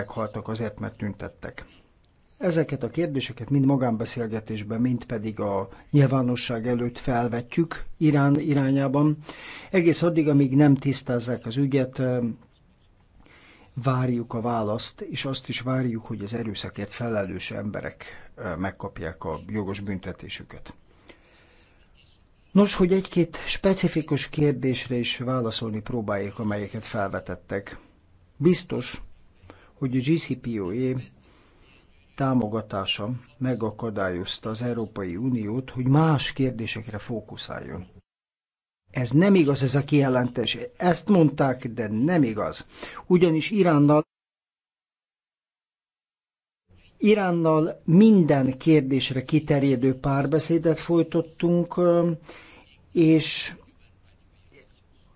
meghaltak azért, mert tüntettek. Ezeket a kérdéseket mind magánbeszélgetésben, mind pedig a nyilvánosság előtt felvetjük Irán irányában. Egész addig, amíg nem tisztázzák az ügyet, várjuk a választ, és azt is várjuk, hogy az erőszakért felelős emberek megkapják a jogos büntetésüket. Nos, hogy egy-két specifikus kérdésre is válaszolni próbáljuk, amelyeket felvetettek. Biztos, hogy a GCPOA támogatása megakadályozta az Európai Uniót, hogy más kérdésekre fókuszáljon. Ez nem igaz, ez a kijelentés. Ezt mondták, de nem igaz. Ugyanis Iránnal Iránnal minden kérdésre kiterjedő párbeszédet folytottunk, és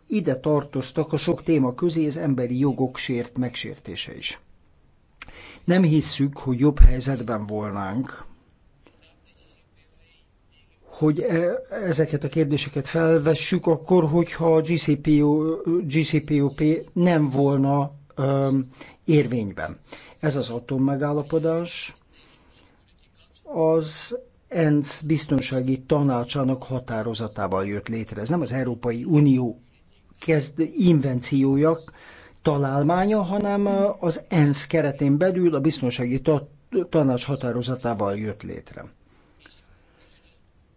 ide tartoztak a sok téma közé az emberi jogok sért megsértése is. Nem hisszük, hogy jobb helyzetben volnánk, hogy e, ezeket a kérdéseket felvessük, akkor, hogyha a GCPO, GCPOP nem volna um, érvényben. Ez az atommegállapodás az ENSZ biztonsági tanácsának határozatával jött létre. Ez nem az Európai Unió kezd invenciójak találmánya, hanem az ENSZ keretén belül a biztonsági tanács határozatával jött létre.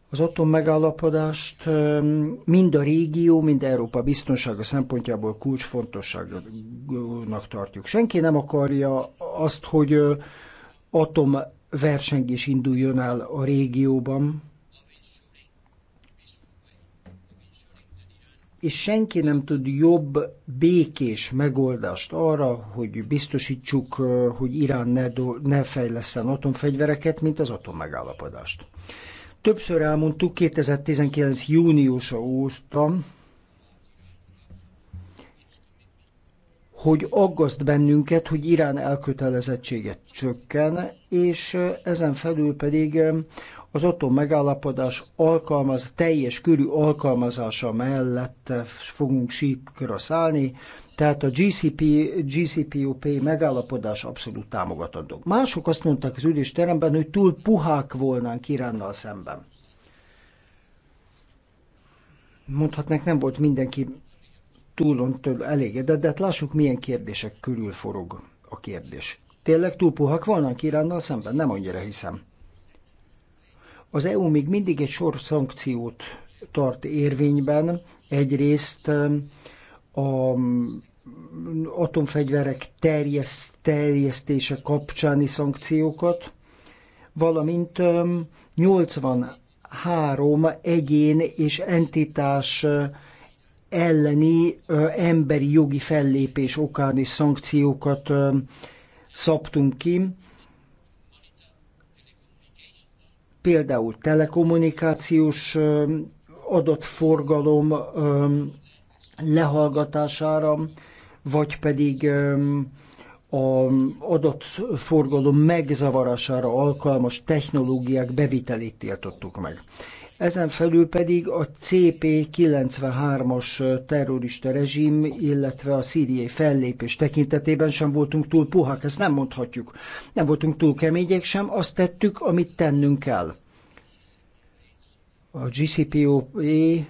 Az atom megállapodást mind a régió, mind Európa biztonsága szempontjából kulcsfontosságnak tartjuk. Senki nem akarja azt, hogy atom versengés induljon el a régióban, és senki nem tud jobb, békés megoldást arra, hogy biztosítsuk, hogy Irán ne, do- ne fejleszten atomfegyvereket, mint az atommegállapodást. Többször elmondtuk, 2019. júniusa óta, hogy aggaszt bennünket, hogy Irán elkötelezettséget csökken, és ezen felül pedig az otthon megállapodás alkalmaz, teljes körű alkalmazása mellett fogunk sípkörre szállni, tehát a GCP, GCPOP megállapodás abszolút támogatandó. Mások azt mondták az ülésteremben, hogy túl puhák volnánk Iránnal szemben. Mondhatnánk, nem volt mindenki túlontől elégedett, de hát lássuk, milyen kérdések körül forog a kérdés. Tényleg túl puhák volnánk Iránnal szemben? Nem annyira hiszem. Az EU még mindig egy sor szankciót tart érvényben. Egyrészt um, a um, atomfegyverek terjesz, terjesztése kapcsáni szankciókat, valamint 83 um, egyén és entitás uh, elleni uh, emberi jogi fellépés okán is szankciókat szabtunk ki. például telekommunikációs adatforgalom lehallgatására, vagy pedig a adatforgalom megzavarására alkalmas technológiák bevitelét tiltottuk meg. Ezen felül pedig a CP93-as terrorista rezsim, illetve a szíriai fellépés tekintetében sem voltunk túl puhak, ezt nem mondhatjuk. Nem voltunk túl kemények sem, azt tettük, amit tennünk kell. A GCPOE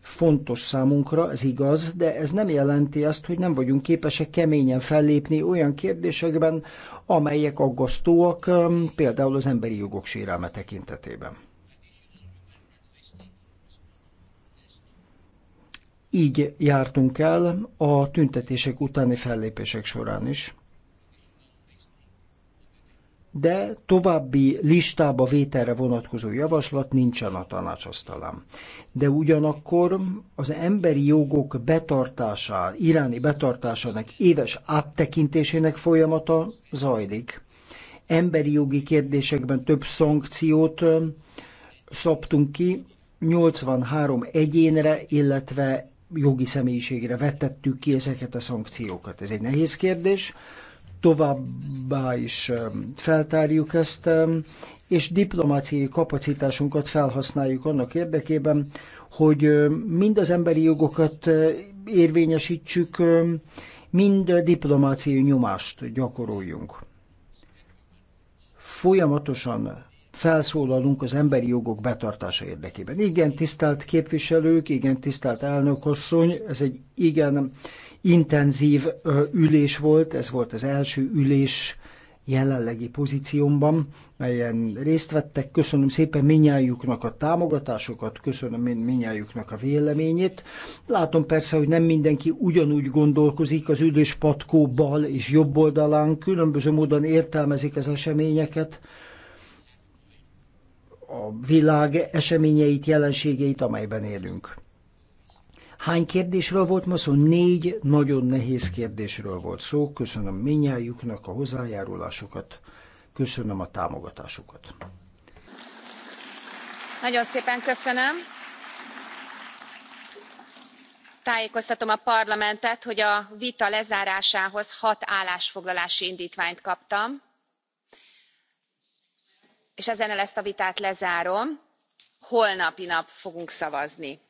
fontos számunkra, ez igaz, de ez nem jelenti azt, hogy nem vagyunk képesek keményen fellépni olyan kérdésekben, amelyek aggasztóak, például az emberi jogok sérelme tekintetében. Így jártunk el a tüntetések utáni fellépések során is. De további listába vételre vonatkozó javaslat nincsen a tanácsasztalán. De ugyanakkor az emberi jogok betartása, iráni betartásának éves áttekintésének folyamata zajlik. Emberi jogi kérdésekben több szankciót szabtunk ki, 83 egyénre, illetve jogi személyiségre vetettük ki ezeket a szankciókat? Ez egy nehéz kérdés. Továbbá is feltárjuk ezt, és diplomáciai kapacitásunkat felhasználjuk annak érdekében, hogy mind az emberi jogokat érvényesítsük, mind diplomáciai nyomást gyakoroljunk. Folyamatosan felszólalunk az emberi jogok betartása érdekében. Igen, tisztelt képviselők, igen, tisztelt elnökosszony, ez egy igen intenzív ülés volt, ez volt az első ülés jelenlegi pozíciómban, melyen részt vettek. Köszönöm szépen minnyájuknak a támogatásokat, köszönöm minnyájuknak a véleményét. Látom persze, hogy nem mindenki ugyanúgy gondolkozik az ülés patkó bal és jobb oldalán, különböző módon értelmezik az eseményeket, a világ eseményeit, jelenségeit, amelyben élünk. Hány kérdésről volt ma szó? Négy nagyon nehéz kérdésről volt szó. Köszönöm minnyájuknak a hozzájárulásokat, köszönöm a támogatásukat. Nagyon szépen köszönöm. Tájékoztatom a parlamentet, hogy a vita lezárásához hat állásfoglalási indítványt kaptam és ezennel ezt a vitát lezárom holnapi nap fogunk szavazni.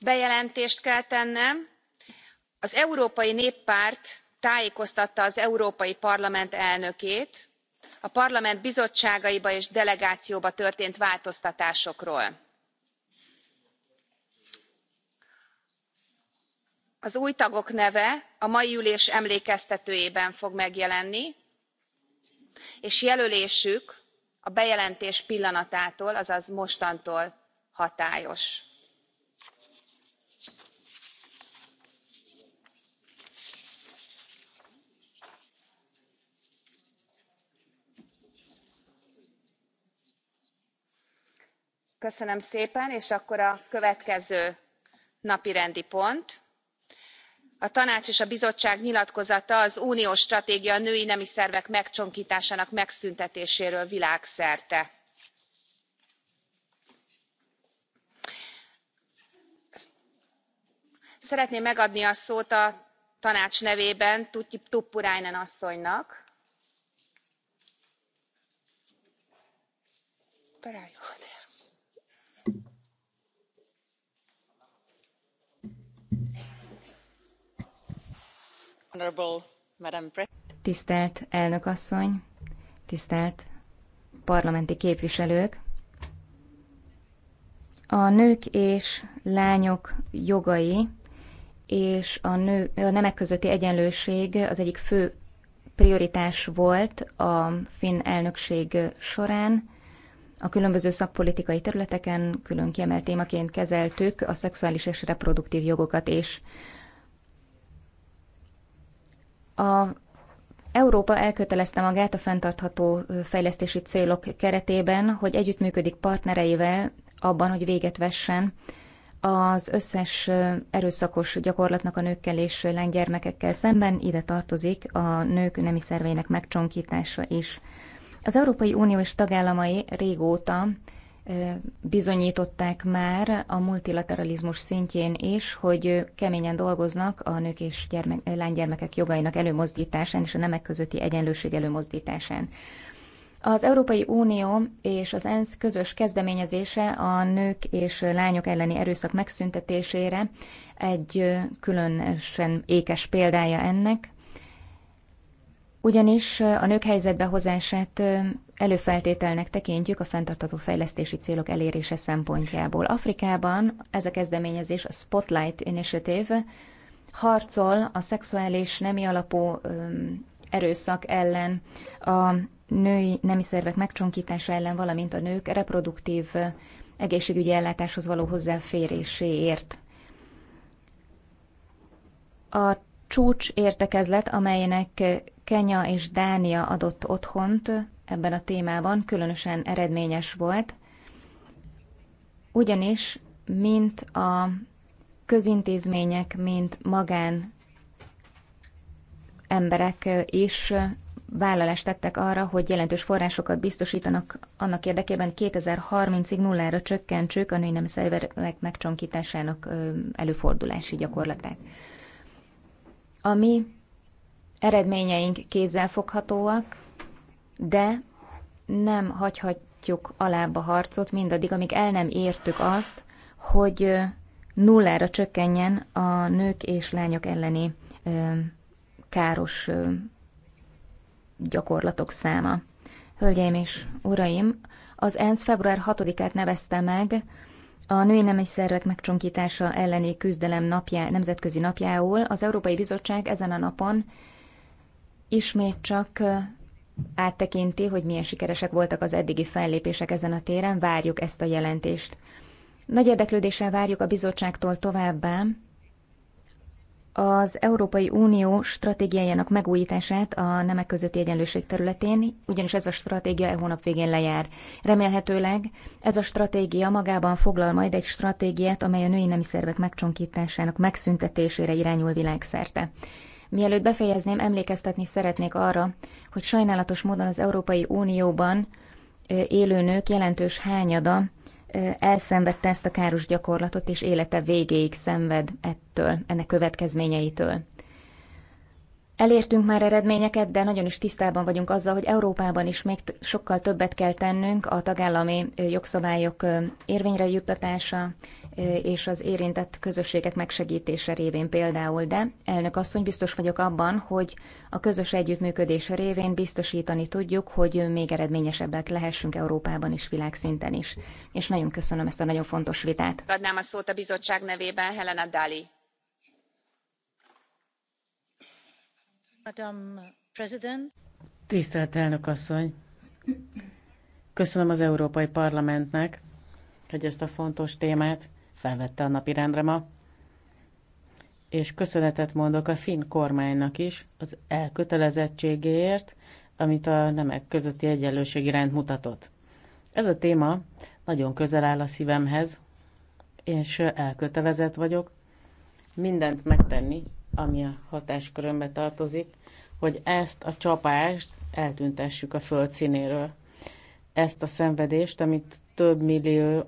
bejelentést kell tennem az európai néppárt tájékoztatta az európai parlament elnökét a parlament bizottságaiba és delegációiba történt változtatásokról. az új tagok neve a mai ülés emlékeztetőjében fog megjelenni és jelölésük a bejelentés pillanatától azaz mostantól hatályos. köszönöm szépen és akkor a következő napirendi pont a tanács és a bizottság nyilatkozata az uniós stratégia a női nemi szervek megcsonktásának megszüntetéséről világszerte. szeretném megadni a szót a tanács nevében tuppurainen asszonynak. Tisztelt elnök asszony, tisztelt parlamenti képviselők! A nők és lányok jogai és a, nő, a nemek közötti egyenlőség az egyik fő prioritás volt a finn elnökség során. A különböző szakpolitikai területeken külön kiemelt témaként kezeltük a szexuális és reproduktív jogokat és a Európa elkötelezte magát a fenntartható fejlesztési célok keretében, hogy együttműködik partnereivel abban, hogy véget vessen az összes erőszakos gyakorlatnak a nőkkel és lánygyermekekkel szemben ide tartozik a nők nemi szerveinek megcsonkítása is. Az Európai Unió és tagállamai régóta bizonyították már a multilateralizmus szintjén is, hogy keményen dolgoznak a nők és gyermek, lánygyermekek jogainak előmozdításán és a nemek közötti egyenlőség előmozdításán. Az Európai Unió és az ENSZ közös kezdeményezése a nők és lányok elleni erőszak megszüntetésére egy különösen ékes példája ennek ugyanis a nők helyzetbe hozását előfeltételnek tekintjük a fenntartható fejlesztési célok elérése szempontjából. Afrikában ez a kezdeményezés a Spotlight Initiative harcol a szexuális nemi alapú erőszak ellen, a női nemi szervek megcsonkítása ellen, valamint a nők reproduktív egészségügyi ellátáshoz való hozzáféréséért. A csúcs értekezlet, amelynek Kenya és Dánia adott otthont ebben a témában, különösen eredményes volt, ugyanis mint a közintézmények, mint magán emberek is vállalást tettek arra, hogy jelentős forrásokat biztosítanak annak érdekében 2030-ig nullára csökkentsük a női nem szerverek megcsonkításának előfordulási gyakorlatát. A mi eredményeink kézzelfoghatóak, de nem hagyhatjuk alába harcot mindaddig, amíg el nem értük azt, hogy nullára csökkenjen a nők és lányok elleni káros gyakorlatok száma. Hölgyeim és uraim, az ENSZ február 6-át nevezte meg a női nemi szervek megcsonkítása elleni küzdelem napjá, nemzetközi napjául az Európai Bizottság ezen a napon ismét csak áttekinti, hogy milyen sikeresek voltak az eddigi fellépések ezen a téren, várjuk ezt a jelentést. Nagy érdeklődéssel várjuk a bizottságtól továbbá, az Európai Unió stratégiájának megújítását a nemek közötti egyenlőség területén, ugyanis ez a stratégia e hónap végén lejár. Remélhetőleg ez a stratégia magában foglal majd egy stratégiát, amely a női nemi szervek megcsonkításának megszüntetésére irányul világszerte. Mielőtt befejezném, emlékeztetni szeretnék arra, hogy sajnálatos módon az Európai Unióban élő nők jelentős hányada elszenvedte ezt a káros gyakorlatot, és élete végéig szenved ettől, ennek következményeitől. Elértünk már eredményeket, de nagyon is tisztában vagyunk azzal, hogy Európában is még sokkal többet kell tennünk a tagállami jogszabályok érvényre juttatása és az érintett közösségek megsegítése révén például, de elnök asszony, biztos vagyok abban, hogy a közös együttműködés révén biztosítani tudjuk, hogy még eredményesebbek lehessünk Európában is, világszinten is. És nagyon köszönöm ezt a nagyon fontos vitát. Adnám a szót a bizottság nevében Helena Dali Tisztelt elnök asszony! Köszönöm az Európai Parlamentnek, hogy ezt a fontos témát felvette a napirendre ma, és köszönetet mondok a finn kormánynak is az elkötelezettségéért, amit a nemek közötti egyenlőség iránt mutatott. Ez a téma nagyon közel áll a szívemhez, és elkötelezett vagyok mindent megtenni, ami a hatáskörömbe tartozik, hogy ezt a csapást eltüntessük a föld színéről. Ezt a szenvedést, amit több millió,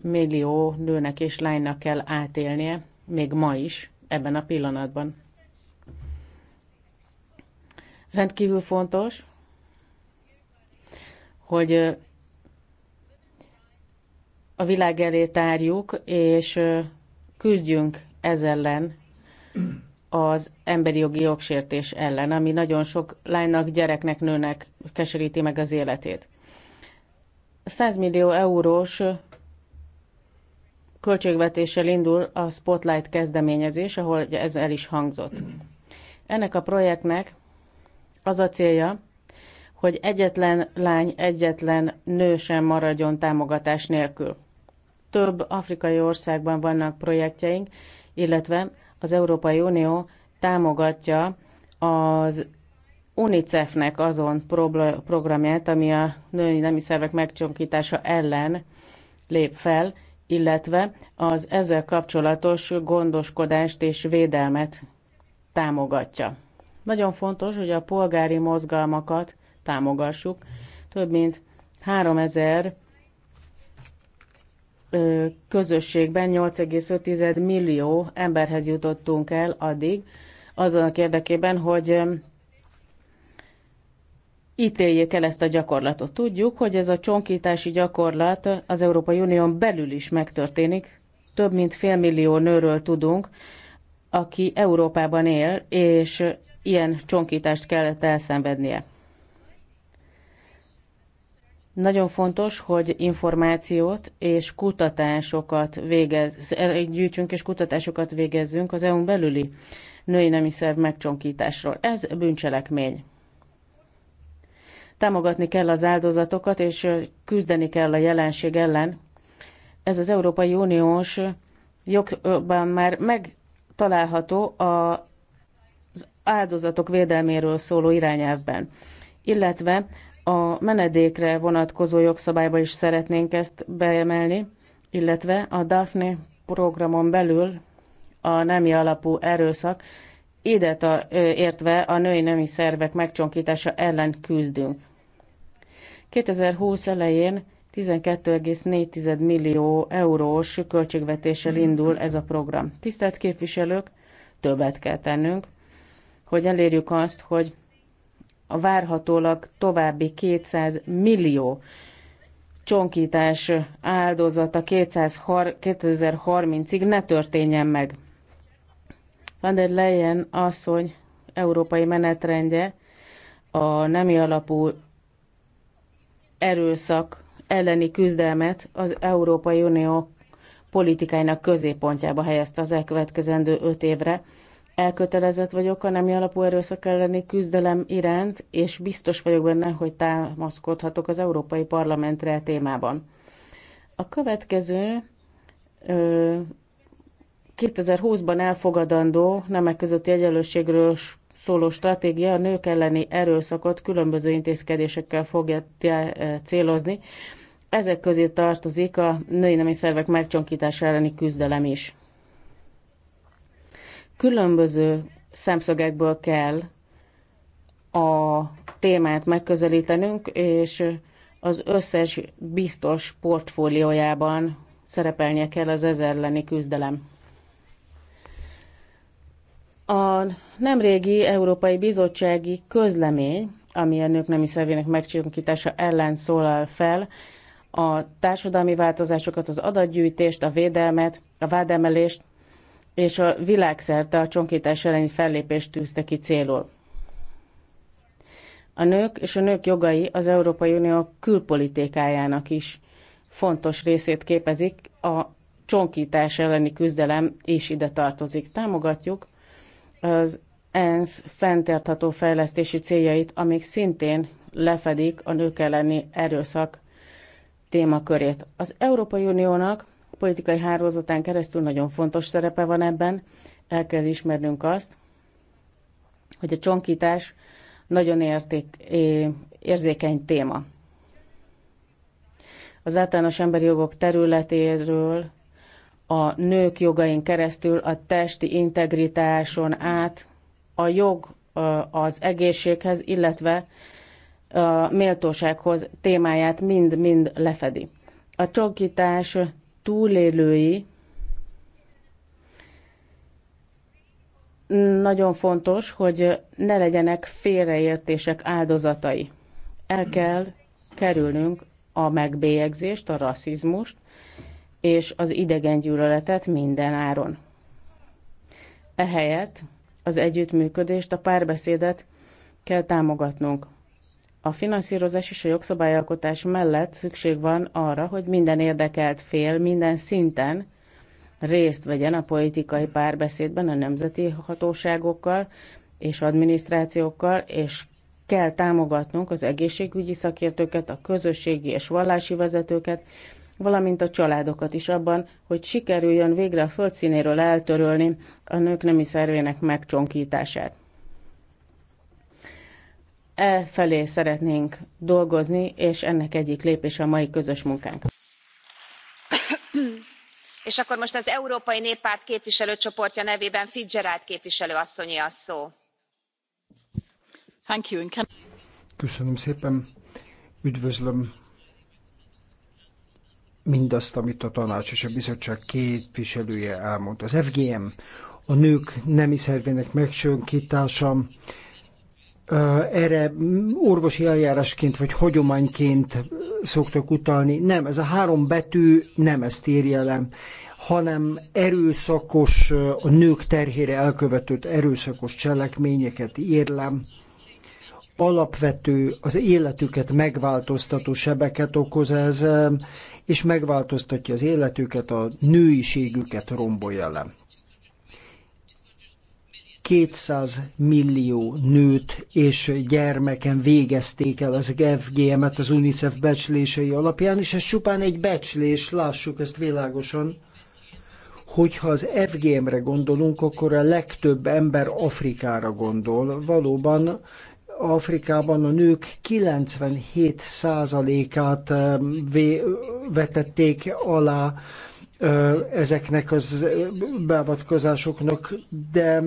millió nőnek és lánynak kell átélnie, még ma is, ebben a pillanatban. Rendkívül fontos, hogy a világ elé tárjuk, és küzdjünk ez ellen, az emberi jogi jogsértés ellen, ami nagyon sok lánynak, gyereknek, nőnek keseríti meg az életét. 100 millió eurós költségvetéssel indul a Spotlight kezdeményezés, ahol ez el is hangzott. Ennek a projektnek az a célja, hogy egyetlen lány, egyetlen nő sem maradjon támogatás nélkül. Több afrikai országban vannak projektjeink, illetve az Európai Unió támogatja az UNICEF-nek azon programját, ami a női nemi szervek megcsonkítása ellen lép fel, illetve az ezzel kapcsolatos gondoskodást és védelmet támogatja. Nagyon fontos, hogy a polgári mozgalmakat támogassuk. Több mint 3000 közösségben 8,5 millió emberhez jutottunk el addig, azonnak érdekében, hogy ítéljék el ezt a gyakorlatot. Tudjuk, hogy ez a csonkítási gyakorlat az Európai Unión belül is megtörténik. Több mint fél millió nőről tudunk, aki Európában él, és ilyen csonkítást kellett elszenvednie. Nagyon fontos, hogy információt és kutatásokat végez, gyűjtsünk és kutatásokat végezzünk az EU-n belüli női nemi szerv megcsonkításról. Ez bűncselekmény. Támogatni kell az áldozatokat, és küzdeni kell a jelenség ellen. Ez az Európai Uniós jogban már megtalálható az áldozatok védelméről szóló irányelvben illetve a menedékre vonatkozó jogszabályba is szeretnénk ezt beemelni, illetve a Daphne programon belül a nemi alapú erőszak, ide a, értve a női nemi szervek megcsonkítása ellen küzdünk. 2020 elején 12,4 millió eurós költségvetéssel indul ez a program. Tisztelt képviselők, többet kell tennünk, hogy elérjük azt, hogy a várhatólag további 200 millió csonkítás áldozata 2030-ig ne történjen meg. Van der Leyen asszony európai menetrendje a nemi alapú erőszak elleni küzdelmet az Európai Unió politikáinak középpontjába helyezte az elkövetkezendő öt évre elkötelezett vagyok a nemi alapú erőszak elleni küzdelem iránt, és biztos vagyok benne, hogy támaszkodhatok az Európai Parlamentre a e témában. A következő 2020-ban elfogadandó nemek közötti egyenlőségről szóló stratégia a nők elleni erőszakot különböző intézkedésekkel fogja e, célozni. Ezek közé tartozik a női nemi szervek megcsonkítása elleni küzdelem is. Különböző szemszögekből kell a témát megközelítenünk, és az összes biztos portfóliójában szerepelnie kell az ez elleni küzdelem. A nemrégi Európai Bizottsági Közlemény, ami a nők nemi szervének megcsinkítása ellen szólal fel, a társadalmi változásokat, az adatgyűjtést, a védelmet, a vádemelést, és a világszerte a csonkítás elleni fellépést tűzte ki célul. A nők és a nők jogai az Európai Unió külpolitikájának is fontos részét képezik, a csonkítás elleni küzdelem is ide tartozik. Támogatjuk az ENSZ fenntartható fejlesztési céljait, amik szintén lefedik a nők elleni erőszak témakörét. Az Európai Uniónak a politikai hálózatán keresztül nagyon fontos szerepe van ebben. El kell ismernünk azt, hogy a csonkítás nagyon érték, érzékeny téma. Az általános emberi jogok területéről a nők jogain keresztül, a testi integritáson át, a jog az egészséghez, illetve a méltósághoz témáját mind-mind lefedi. A csonkítás túlélői nagyon fontos, hogy ne legyenek félreértések áldozatai. El kell kerülnünk a megbélyegzést, a rasszizmust és az idegengyűlöletet minden áron. Ehelyett az együttműködést, a párbeszédet kell támogatnunk. A finanszírozás és a jogszabályalkotás mellett szükség van arra, hogy minden érdekelt fél minden szinten részt vegyen a politikai párbeszédben a nemzeti hatóságokkal és adminisztrációkkal, és kell támogatnunk az egészségügyi szakértőket, a közösségi és vallási vezetőket, valamint a családokat is abban, hogy sikerüljön végre a földszínéről eltörölni a nők nemi szervének megcsonkítását e felé szeretnénk dolgozni, és ennek egyik lépése a mai közös munkánk. és akkor most az Európai Néppárt képviselőcsoportja nevében Fitzgerald képviselő asszonyi a szó. Thank you. Köszönöm szépen. Üdvözlöm mindazt, amit a tanács és a bizottság képviselője elmondta. Az FGM, a nők nemi szervének megsönkítása, erre orvosi eljárásként vagy hagyományként szoktak utalni. Nem, ez a három betű nem ezt írja le, hanem erőszakos, a nők terhére elkövetett erőszakos cselekményeket ír le, alapvető, az életüket megváltoztató sebeket okoz ez, és megváltoztatja az életüket, a nőiségüket rombolja le. 200 millió nőt és gyermeken végezték el az FGM-et az UNICEF becslései alapján, és ez csupán egy becslés, lássuk ezt világosan. Hogyha az FGM-re gondolunk, akkor a legtöbb ember Afrikára gondol. Valóban Afrikában a nők 97%-át vetették alá ezeknek az beavatkozásoknak, de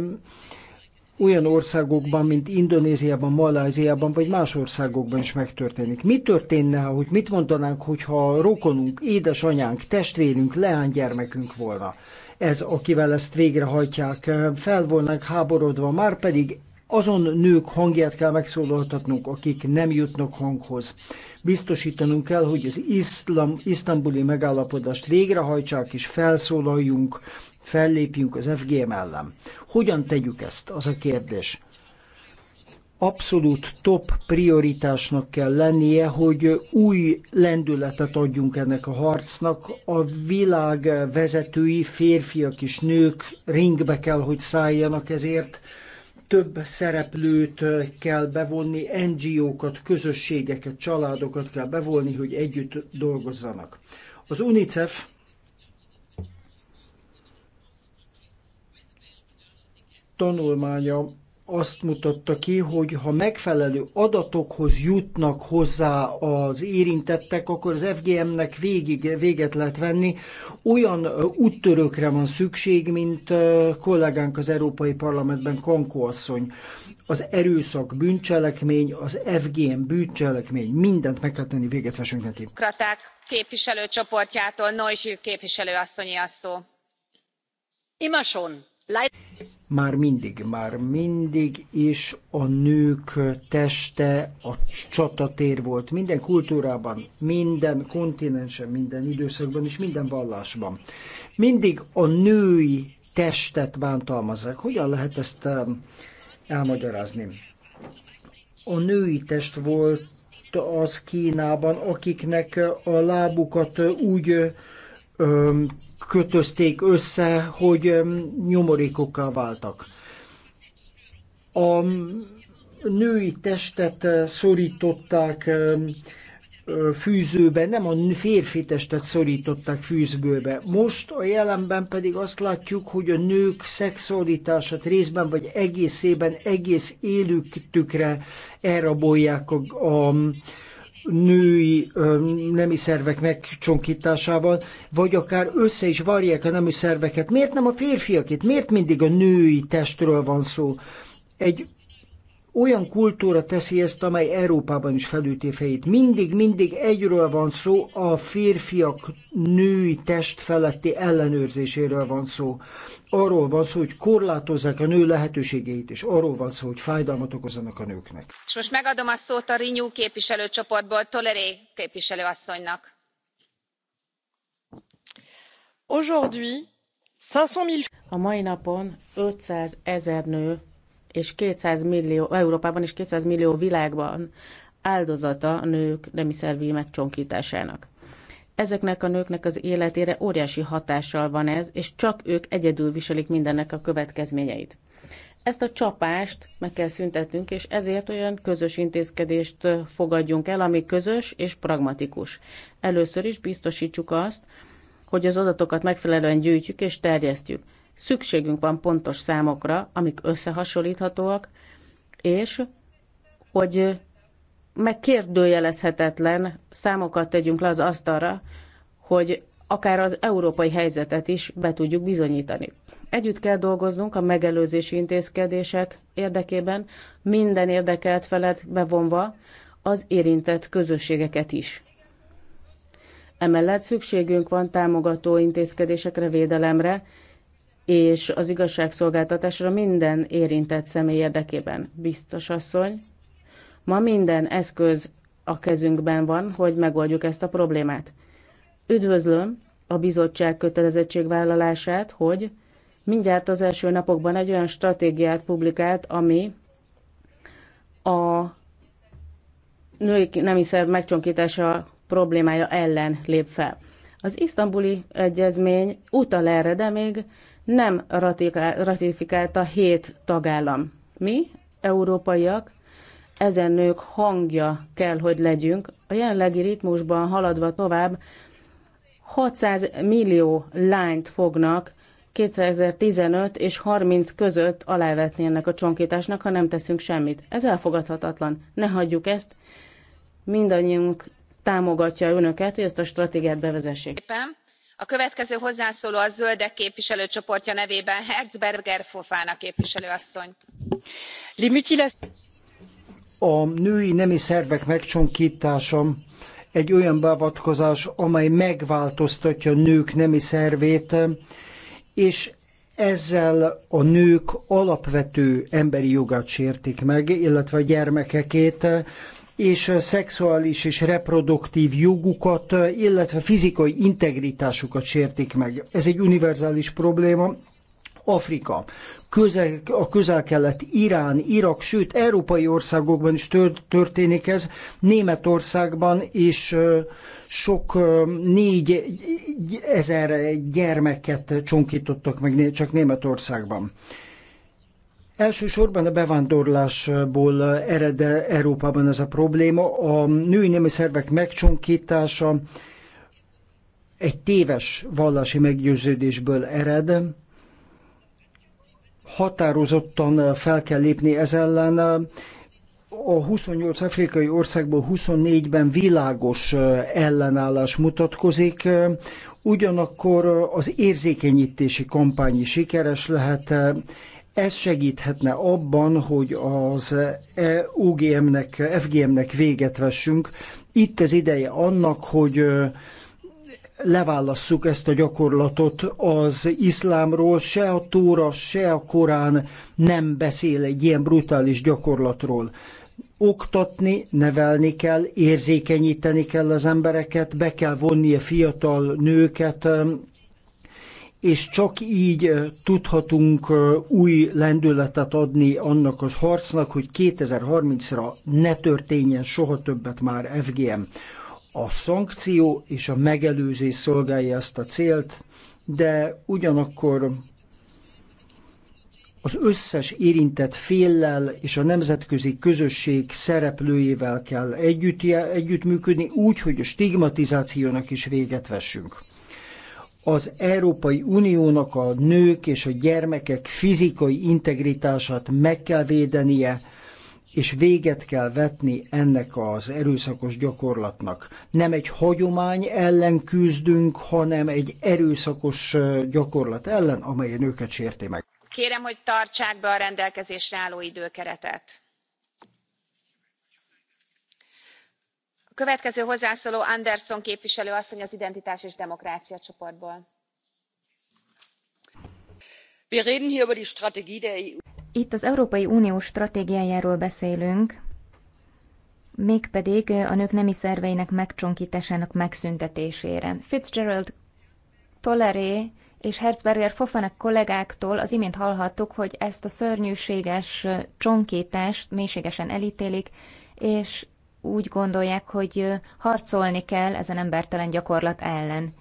olyan országokban, mint Indonéziában, Maláziában vagy más országokban is megtörténik. Mi történne, hogy mit mondanánk, hogyha a rokonunk, édesanyánk, testvérünk, leánygyermekünk volna? Ez, akivel ezt végrehajtják, fel volnánk háborodva, már pedig azon nők hangját kell megszólaltatnunk, akik nem jutnak hanghoz. Biztosítanunk kell, hogy az iszlam, isztambuli megállapodást végrehajtsák és felszólaljunk fellépjünk az FGM ellen. Hogyan tegyük ezt? Az a kérdés. Abszolút top prioritásnak kell lennie, hogy új lendületet adjunk ennek a harcnak. A világ vezetői, férfiak és nők ringbe kell, hogy szálljanak ezért több szereplőt kell bevonni, NGO-kat, közösségeket, családokat kell bevonni, hogy együtt dolgozzanak. Az UNICEF tanulmánya azt mutatta ki, hogy ha megfelelő adatokhoz jutnak hozzá az érintettek, akkor az FGM-nek végig, véget lehet venni. Olyan úttörőkre van szükség, mint kollégánk az Európai Parlamentben, Kankó asszony. Az erőszak bűncselekmény, az FGM bűncselekmény. Mindent meg kell tenni, véget vessünk neki. Kraták képviselőcsoportjától Noizsű képviselő asszonyi a szó. Imason már mindig, már mindig is a nők teste a csatatér volt. Minden kultúrában, minden kontinensen, minden időszakban és minden vallásban. Mindig a női testet bántalmazzák. Hogyan lehet ezt um, elmagyarázni? A női test volt az Kínában, akiknek a lábukat úgy um, kötözték össze, hogy nyomorékokká váltak. A női testet eh, szorították fűzőbe, nem a férfi testet szorították fűzőbe. Most a jelenben pedig azt látjuk, hogy a nők szexualitását részben vagy egészében, egész élüktükre elrabolják a, a női nemi szervek megcsonkításával, vagy akár össze is varják a nemi szerveket. Miért nem a férfiakét? Miért mindig a női testről van szó? Egy olyan kultúra teszi ezt, amely Európában is felüti fejét. Mindig, mindig egyről van szó, a férfiak női test feletti ellenőrzéséről van szó. Arról van szó, hogy korlátozzák a nő lehetőségeit, és arról van szó, hogy fájdalmat okozanak a nőknek. És most megadom a szót a Rinyú képviselőcsoportból Toleré képviselőasszonynak. Aujourd'hui, 500 000... A mai napon 500 ezer nő és 200 millió, Európában és 200 millió világban áldozata a nők nemiszervi megcsonkításának. Ezeknek a nőknek az életére óriási hatással van ez, és csak ők egyedül viselik mindennek a következményeit. Ezt a csapást meg kell szüntetnünk, és ezért olyan közös intézkedést fogadjunk el, ami közös és pragmatikus. Először is biztosítsuk azt, hogy az adatokat megfelelően gyűjtjük és terjesztjük Szükségünk van pontos számokra, amik összehasonlíthatóak, és hogy megkérdőjelezhetetlen számokat tegyünk le az asztalra, hogy akár az európai helyzetet is be tudjuk bizonyítani. Együtt kell dolgoznunk a megelőzési intézkedések érdekében, minden érdekelt felet bevonva az érintett közösségeket is. Emellett szükségünk van támogató intézkedésekre, védelemre, és az igazságszolgáltatásra minden érintett személy érdekében. Biztos asszony, ma minden eszköz a kezünkben van, hogy megoldjuk ezt a problémát. Üdvözlöm a bizottság kötelezettségvállalását, hogy mindjárt az első napokban egy olyan stratégiát publikált, ami a női nemi szerv megcsonkítása problémája ellen lép fel. Az isztambuli egyezmény utal erre, de még nem ratifikálta hét tagállam. Mi, európaiak, ezen nők hangja kell, hogy legyünk. A jelenlegi ritmusban haladva tovább 600 millió lányt fognak 2015 és 30 között alávetni ennek a csonkításnak, ha nem teszünk semmit. Ez elfogadhatatlan. Ne hagyjuk ezt. Mindannyiunk támogatja önöket, hogy ezt a stratégiát bevezessék. Éppen a következő hozzászóló a zöldek képviselőcsoportja nevében herzberger fofana képviselő asszony. a női nemi szervek megcsonktása egy olyan beavatkozás amely megváltoztatja a nők nemi szervét és ezzel a nők alapvető emberi jogát sértik meg illetve a gyermekekét és szexuális és reproduktív jogukat, illetve fizikai integritásukat sértik meg. Ez egy univerzális probléma, Afrika, közel, a közel-kelet, Irán, Irak, sőt, európai országokban is történik ez, Németországban is sok négy ezer gyermeket csonkítottak meg csak Németországban. Elsősorban a bevándorlásból ered Európában ez a probléma. A női nemi szervek megcsonkítása egy téves vallási meggyőződésből ered. Határozottan fel kell lépni ez ellen. A 28 afrikai országból 24-ben világos ellenállás mutatkozik, ugyanakkor az érzékenyítési kampány is sikeres lehet ez segíthetne abban, hogy az e UGM-nek, FGM-nek véget vessünk. Itt az ideje annak, hogy leválasszuk ezt a gyakorlatot az iszlámról, se a Tóra, se a Korán nem beszél egy ilyen brutális gyakorlatról. Oktatni, nevelni kell, érzékenyíteni kell az embereket, be kell vonni a fiatal nőket és csak így tudhatunk új lendületet adni annak az harcnak, hogy 2030-ra ne történjen soha többet már FGM. A szankció és a megelőzés szolgálja ezt a célt, de ugyanakkor az összes érintett féllel és a nemzetközi közösség szereplőjével kell együtt, együttműködni, úgy, hogy a stigmatizációnak is véget vessünk az Európai Uniónak a nők és a gyermekek fizikai integritását meg kell védenie, és véget kell vetni ennek az erőszakos gyakorlatnak. Nem egy hagyomány ellen küzdünk, hanem egy erőszakos gyakorlat ellen, amely a nőket sérti meg. Kérem, hogy tartsák be a rendelkezésre álló időkeretet. E itt az európai unió stratégiájáról beszélünk mégpedig a nők nemi szerveinek megcsonkításának megszüntetésére. Fitzgerald Toleré és Herzberger Fofanek kollégáktól az imént hallhattuk, hogy ezt a szörnyűséges csonkítást mélységesen elítélik, és úgy gondolják, hogy harcolni kell ezen embertelen gyakorlat ellen.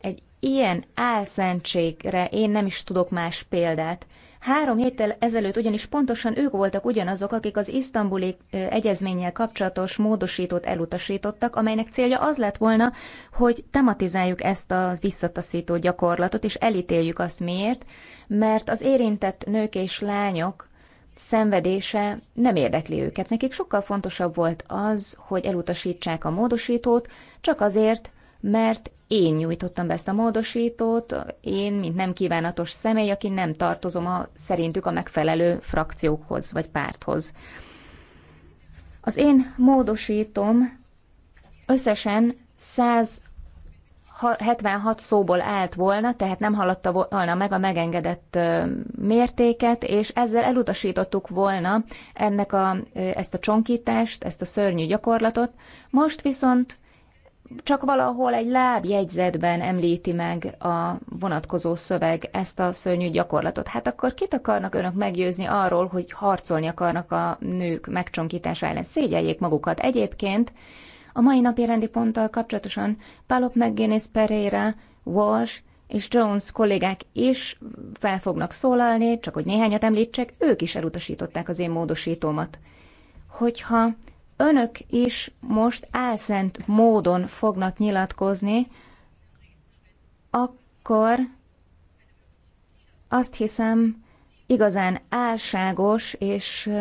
Egy ilyen álszentségre én nem is tudok más példát. Három héttel ezelőtt ugyanis pontosan ők voltak ugyanazok, akik az isztambuli egyezménnyel kapcsolatos módosítót elutasítottak, amelynek célja az lett volna, hogy tematizáljuk ezt a visszataszító gyakorlatot, és elítéljük azt miért, mert az érintett nők és lányok szenvedése nem érdekli őket. Nekik sokkal fontosabb volt az, hogy elutasítsák a módosítót, csak azért, mert én nyújtottam be ezt a módosítót, én, mint nem kívánatos személy, aki nem tartozom a szerintük a megfelelő frakciókhoz vagy párthoz. Az én módosítom összesen 100 76 szóból állt volna, tehát nem haladta volna meg a megengedett mértéket, és ezzel elutasítottuk volna ennek a, ezt a csonkítást, ezt a szörnyű gyakorlatot. Most viszont csak valahol egy lábjegyzetben említi meg a vonatkozó szöveg ezt a szörnyű gyakorlatot. Hát akkor kit akarnak önök meggyőzni arról, hogy harcolni akarnak a nők megcsonkítása ellen? Szégyeljék magukat. Egyébként a mai napi rendi ponttal kapcsolatosan Palop McGuinness Pereira, Walsh és Jones kollégák is fel fognak szólalni, csak hogy néhányat említsek, ők is elutasították az én módosítómat. Hogyha önök is most álszent módon fognak nyilatkozni, akkor azt hiszem, igazán álságos és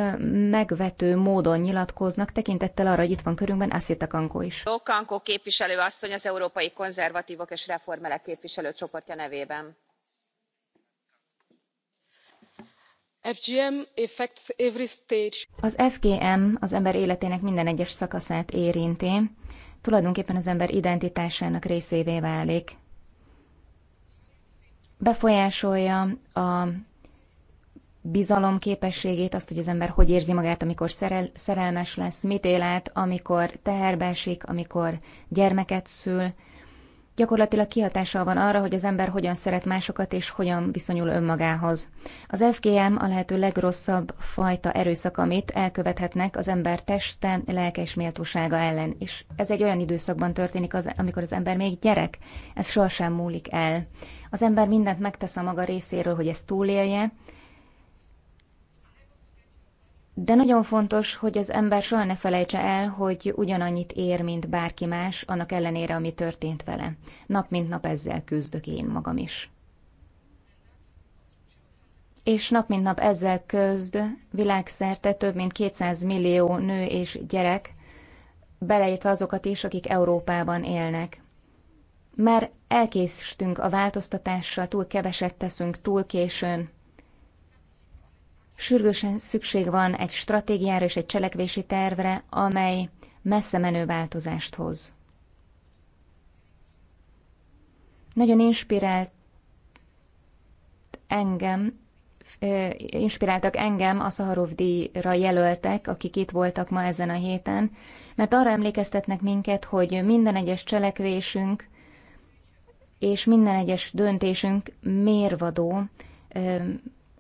megvető módon nyilatkoznak, tekintettel arra, hogy itt van körünkben Asita Kankó is. Kankó képviselő asszony az Európai Konzervatívok és Reformelek képviselőcsoportja nevében. FGM affects every stage. Az FGM az ember életének minden egyes szakaszát érinti, tulajdonképpen az ember identitásának részévé válik. Befolyásolja a bizalom képességét, azt, hogy az ember hogy érzi magát, amikor szerel- szerelmes lesz, mit él át, amikor teherbe esik, amikor gyermeket szül. Gyakorlatilag kihatással van arra, hogy az ember hogyan szeret másokat és hogyan viszonyul önmagához. Az FGM a lehető legrosszabb fajta erőszak, amit elkövethetnek az ember teste, lelke és méltósága ellen. És ez egy olyan időszakban történik, az, amikor az ember még gyerek. Ez sohasem múlik el. Az ember mindent megtesz a maga részéről, hogy ezt túlélje, de nagyon fontos, hogy az ember soha ne felejtse el, hogy ugyanannyit ér, mint bárki más, annak ellenére, ami történt vele. Nap mint nap ezzel küzdök én magam is. És nap mint nap ezzel közd világszerte több mint 200 millió nő és gyerek, beleértve azokat is, akik Európában élnek. Már elkésztünk a változtatással, túl keveset teszünk, túl későn, Sürgősen szükség van egy stratégiára és egy cselekvési tervre, amely messze menő változást hoz. Nagyon inspirált engem, inspiráltak engem a Szaharov díjra jelöltek, akik itt voltak ma ezen a héten, mert arra emlékeztetnek minket, hogy minden egyes cselekvésünk és minden egyes döntésünk mérvadó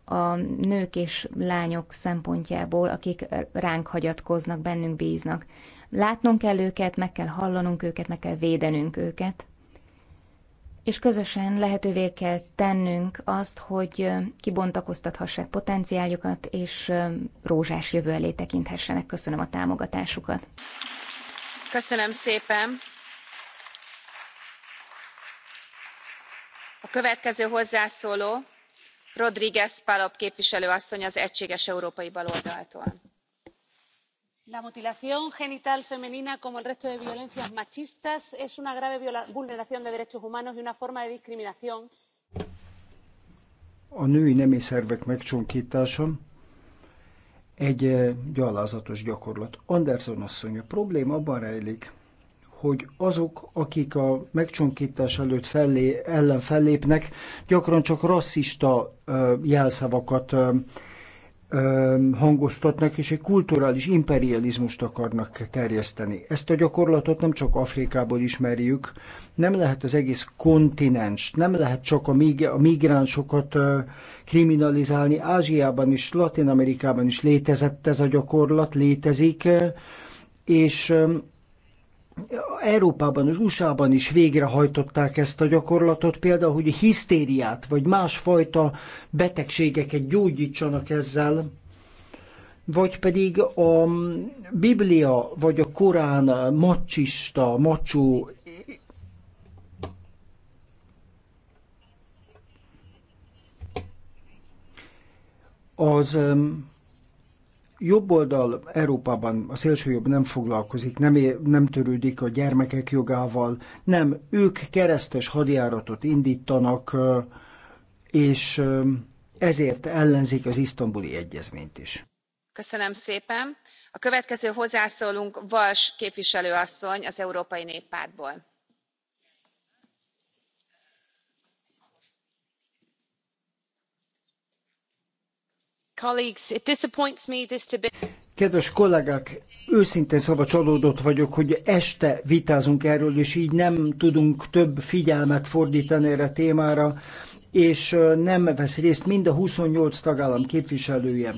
a nők és lányok szempontjából, akik ránk hagyatkoznak, bennünk bíznak. Látnunk kell őket, meg kell hallanunk őket, meg kell védenünk őket, és közösen lehetővé kell tennünk azt, hogy kibontakoztathassák potenciáljukat, és rózsás jövő elé tekinthessenek. Köszönöm a támogatásukat. Köszönöm szépen. A következő hozzászóló rodrigues palop képviselő asszony az egységes európai baloldaltól. la mutilación genital femenina como el resto de violencias machistas es una grave vulneración de derechos humanos y una forma de discriminación. a női nemi szervek megcsonkítása egy eh, gyalázatos gyakorlat. Anderson asszony, a probléma abban rejlik, hogy azok, akik a megcsonkítás előtt fellé, ellen fellépnek, gyakran csak rasszista jelszavakat hangoztatnak, és egy kulturális imperializmust akarnak terjeszteni. Ezt a gyakorlatot nem csak Afrikából ismerjük, nem lehet az egész kontinens, nem lehet csak a, mig- a migránsokat kriminalizálni. Ázsiában is, Latin Amerikában is létezett ez a gyakorlat, létezik, és Európában és USA-ban is végrehajtották ezt a gyakorlatot, például, hogy hisztériát vagy másfajta betegségeket gyógyítsanak ezzel, vagy pedig a Biblia vagy a Korán macsista, macsó az um, jobb oldal Európában, a szélső jobb nem foglalkozik, nem, ér, nem törődik a gyermekek jogával, nem, ők keresztes hadjáratot indítanak, és ezért ellenzik az isztambuli egyezményt is. Köszönöm szépen. A következő hozzászólunk Vals képviselőasszony asszony az Európai Néppártból Kedves kollégák, őszintén szólva csalódott vagyok, hogy este vitázunk erről, és így nem tudunk több figyelmet fordítani erre a témára, és nem vesz részt mind a 28 tagállam képviselője.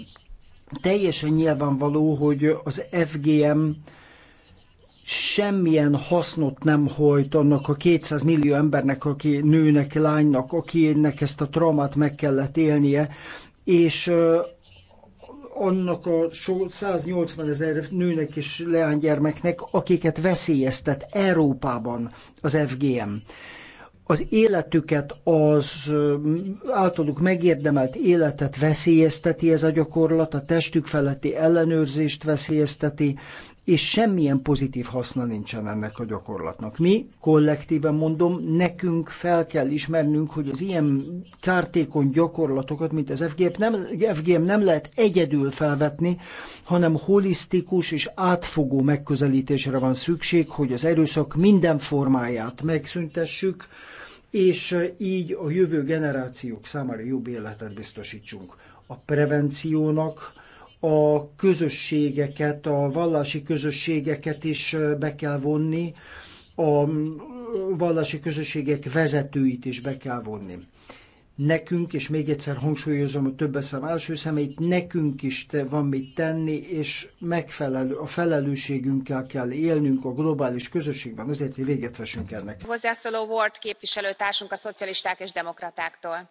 Teljesen nyilvánvaló, hogy az FGM semmilyen hasznot nem hajt annak a 200 millió embernek, aki nőnek, lánynak, akinek ezt a traumát meg kellett élnie, és annak a 180 ezer nőnek és leánygyermeknek, akiket veszélyeztet Európában az FGM. Az életüket, az általuk megérdemelt életet veszélyezteti ez a gyakorlat, a testük feletti ellenőrzést veszélyezteti, és semmilyen pozitív haszna nincsen ennek a gyakorlatnak. Mi, kollektíven mondom, nekünk fel kell ismernünk, hogy az ilyen kártékony gyakorlatokat, mint az FGM nem, FGM nem lehet egyedül felvetni, hanem holisztikus és átfogó megközelítésre van szükség, hogy az erőszak minden formáját megszüntessük, és így a jövő generációk számára jobb életet biztosítsunk. A prevenciónak, a közösségeket, a vallási közösségeket is be kell vonni, a vallási közösségek vezetőit is be kell vonni. Nekünk, és még egyszer hangsúlyozom a több eszem első szemét, nekünk is te van mit tenni, és megfelelő, a felelősségünkkel kell élnünk a globális közösségben, azért, hogy véget vessünk ennek. Hozzászóló volt képviselőtársunk a szocialisták és demokratáktól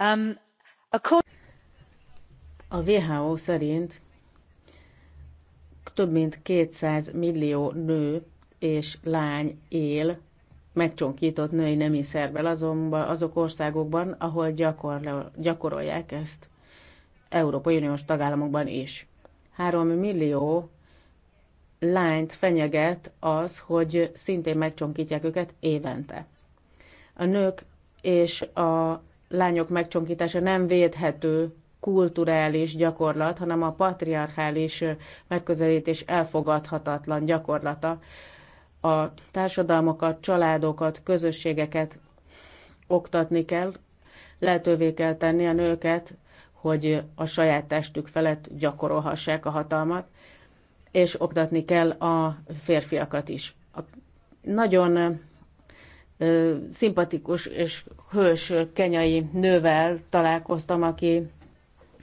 Um, a WHO szerint több mint 200 millió nő és lány él megcsonkított női nemi szervvel azonban azok országokban, ahol gyakorolják ezt Európai Uniós tagállamokban is. Három millió lányt fenyeget az, hogy szintén megcsonkítják őket évente. A nők és a lányok megcsonkítása nem védhető kulturális gyakorlat, hanem a patriarchális megközelítés elfogadhatatlan gyakorlata. A társadalmakat, családokat, közösségeket oktatni kell, lehetővé kell tenni a nőket, hogy a saját testük felett gyakorolhassák a hatalmat, és oktatni kell a férfiakat is. A nagyon szimpatikus és hős kenyai nővel találkoztam, aki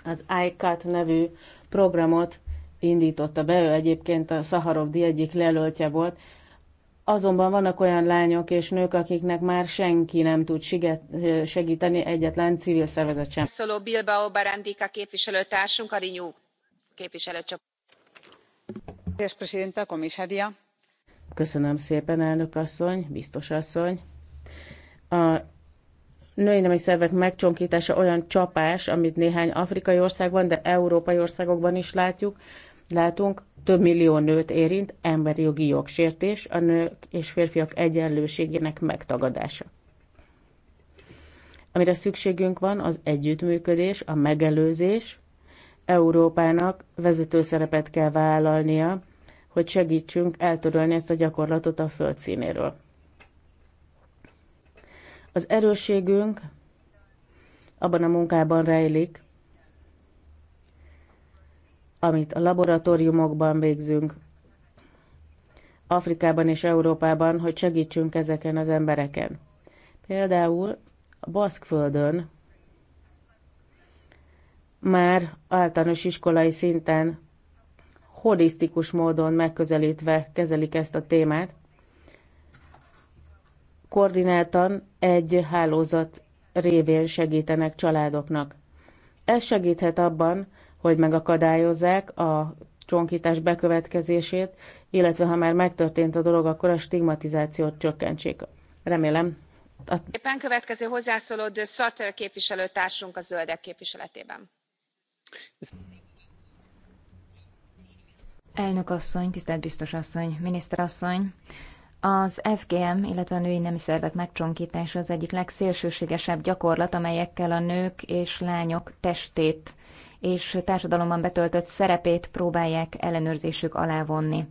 az iCat nevű programot indította be, ő egyébként a Szaharovdi egyik lelöltje volt, Azonban vannak olyan lányok és nők, akiknek már senki nem tud segíteni, egyetlen civil szervezet sem. Szóló Bilbao Barandika képviselőtársunk, a Rinyú képviselőcsoport. Presidenta, komisária. Köszönöm szépen, elnök asszony, biztos asszony. A női nemi szervek megcsonkítása olyan csapás, amit néhány afrikai országban, de európai országokban is látjuk, látunk, több millió nőt érint emberi jogi jogsértés, a nők és férfiak egyenlőségének megtagadása. Amire szükségünk van, az együttműködés, a megelőzés. Európának vezető szerepet kell vállalnia hogy segítsünk eltörölni ezt a gyakorlatot a földszínéről. Az erősségünk abban a munkában rejlik, amit a laboratóriumokban végzünk, Afrikában és Európában, hogy segítsünk ezeken az embereken. Például a Baszkföldön már általános iskolai szinten holisztikus módon megközelítve kezelik ezt a témát. Koordináltan egy hálózat révén segítenek családoknak. Ez segíthet abban, hogy megakadályozzák a csonkítás bekövetkezését, illetve ha már megtörtént a dolog, akkor a stigmatizációt csökkentsék. Remélem. A... Éppen következő hozzászóló de Sutter képviselőtársunk a zöldek képviseletében. Elnök asszony, tisztelt biztos asszony, miniszter asszony. Az FGM, illetve a női nemi szervek megcsonkítása az egyik legszélsőségesebb gyakorlat, amelyekkel a nők és lányok testét és társadalomban betöltött szerepét próbálják ellenőrzésük alá vonni.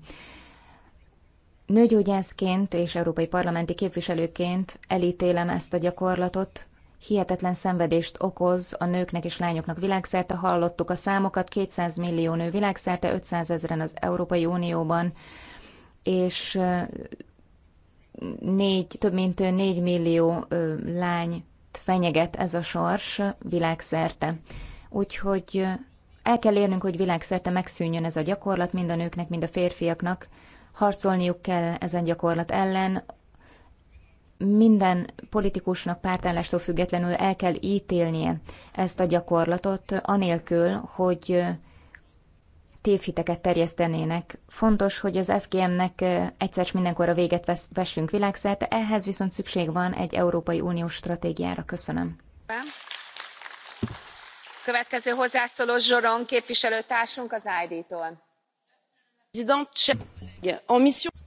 Nőgyógyászként és európai parlamenti képviselőként elítélem ezt a gyakorlatot, hihetetlen szenvedést okoz a nőknek és lányoknak világszerte. Hallottuk a számokat, 200 millió nő világszerte, 500 ezeren az Európai Unióban, és négy, több mint 4 millió lány fenyeget ez a sors világszerte. Úgyhogy el kell érnünk, hogy világszerte megszűnjön ez a gyakorlat mind a nőknek, mind a férfiaknak. Harcolniuk kell ezen gyakorlat ellen, minden politikusnak pártállástól függetlenül el kell ítélnie ezt a gyakorlatot, anélkül, hogy tévhiteket terjesztenének. Fontos, hogy az FGM-nek eh, egyszer mindenkorra véget vessünk világszerte, ehhez viszont szükség van egy Európai Uniós stratégiára. Köszönöm. Következő hozzászóló Zsoron képviselőtársunk az ID-tól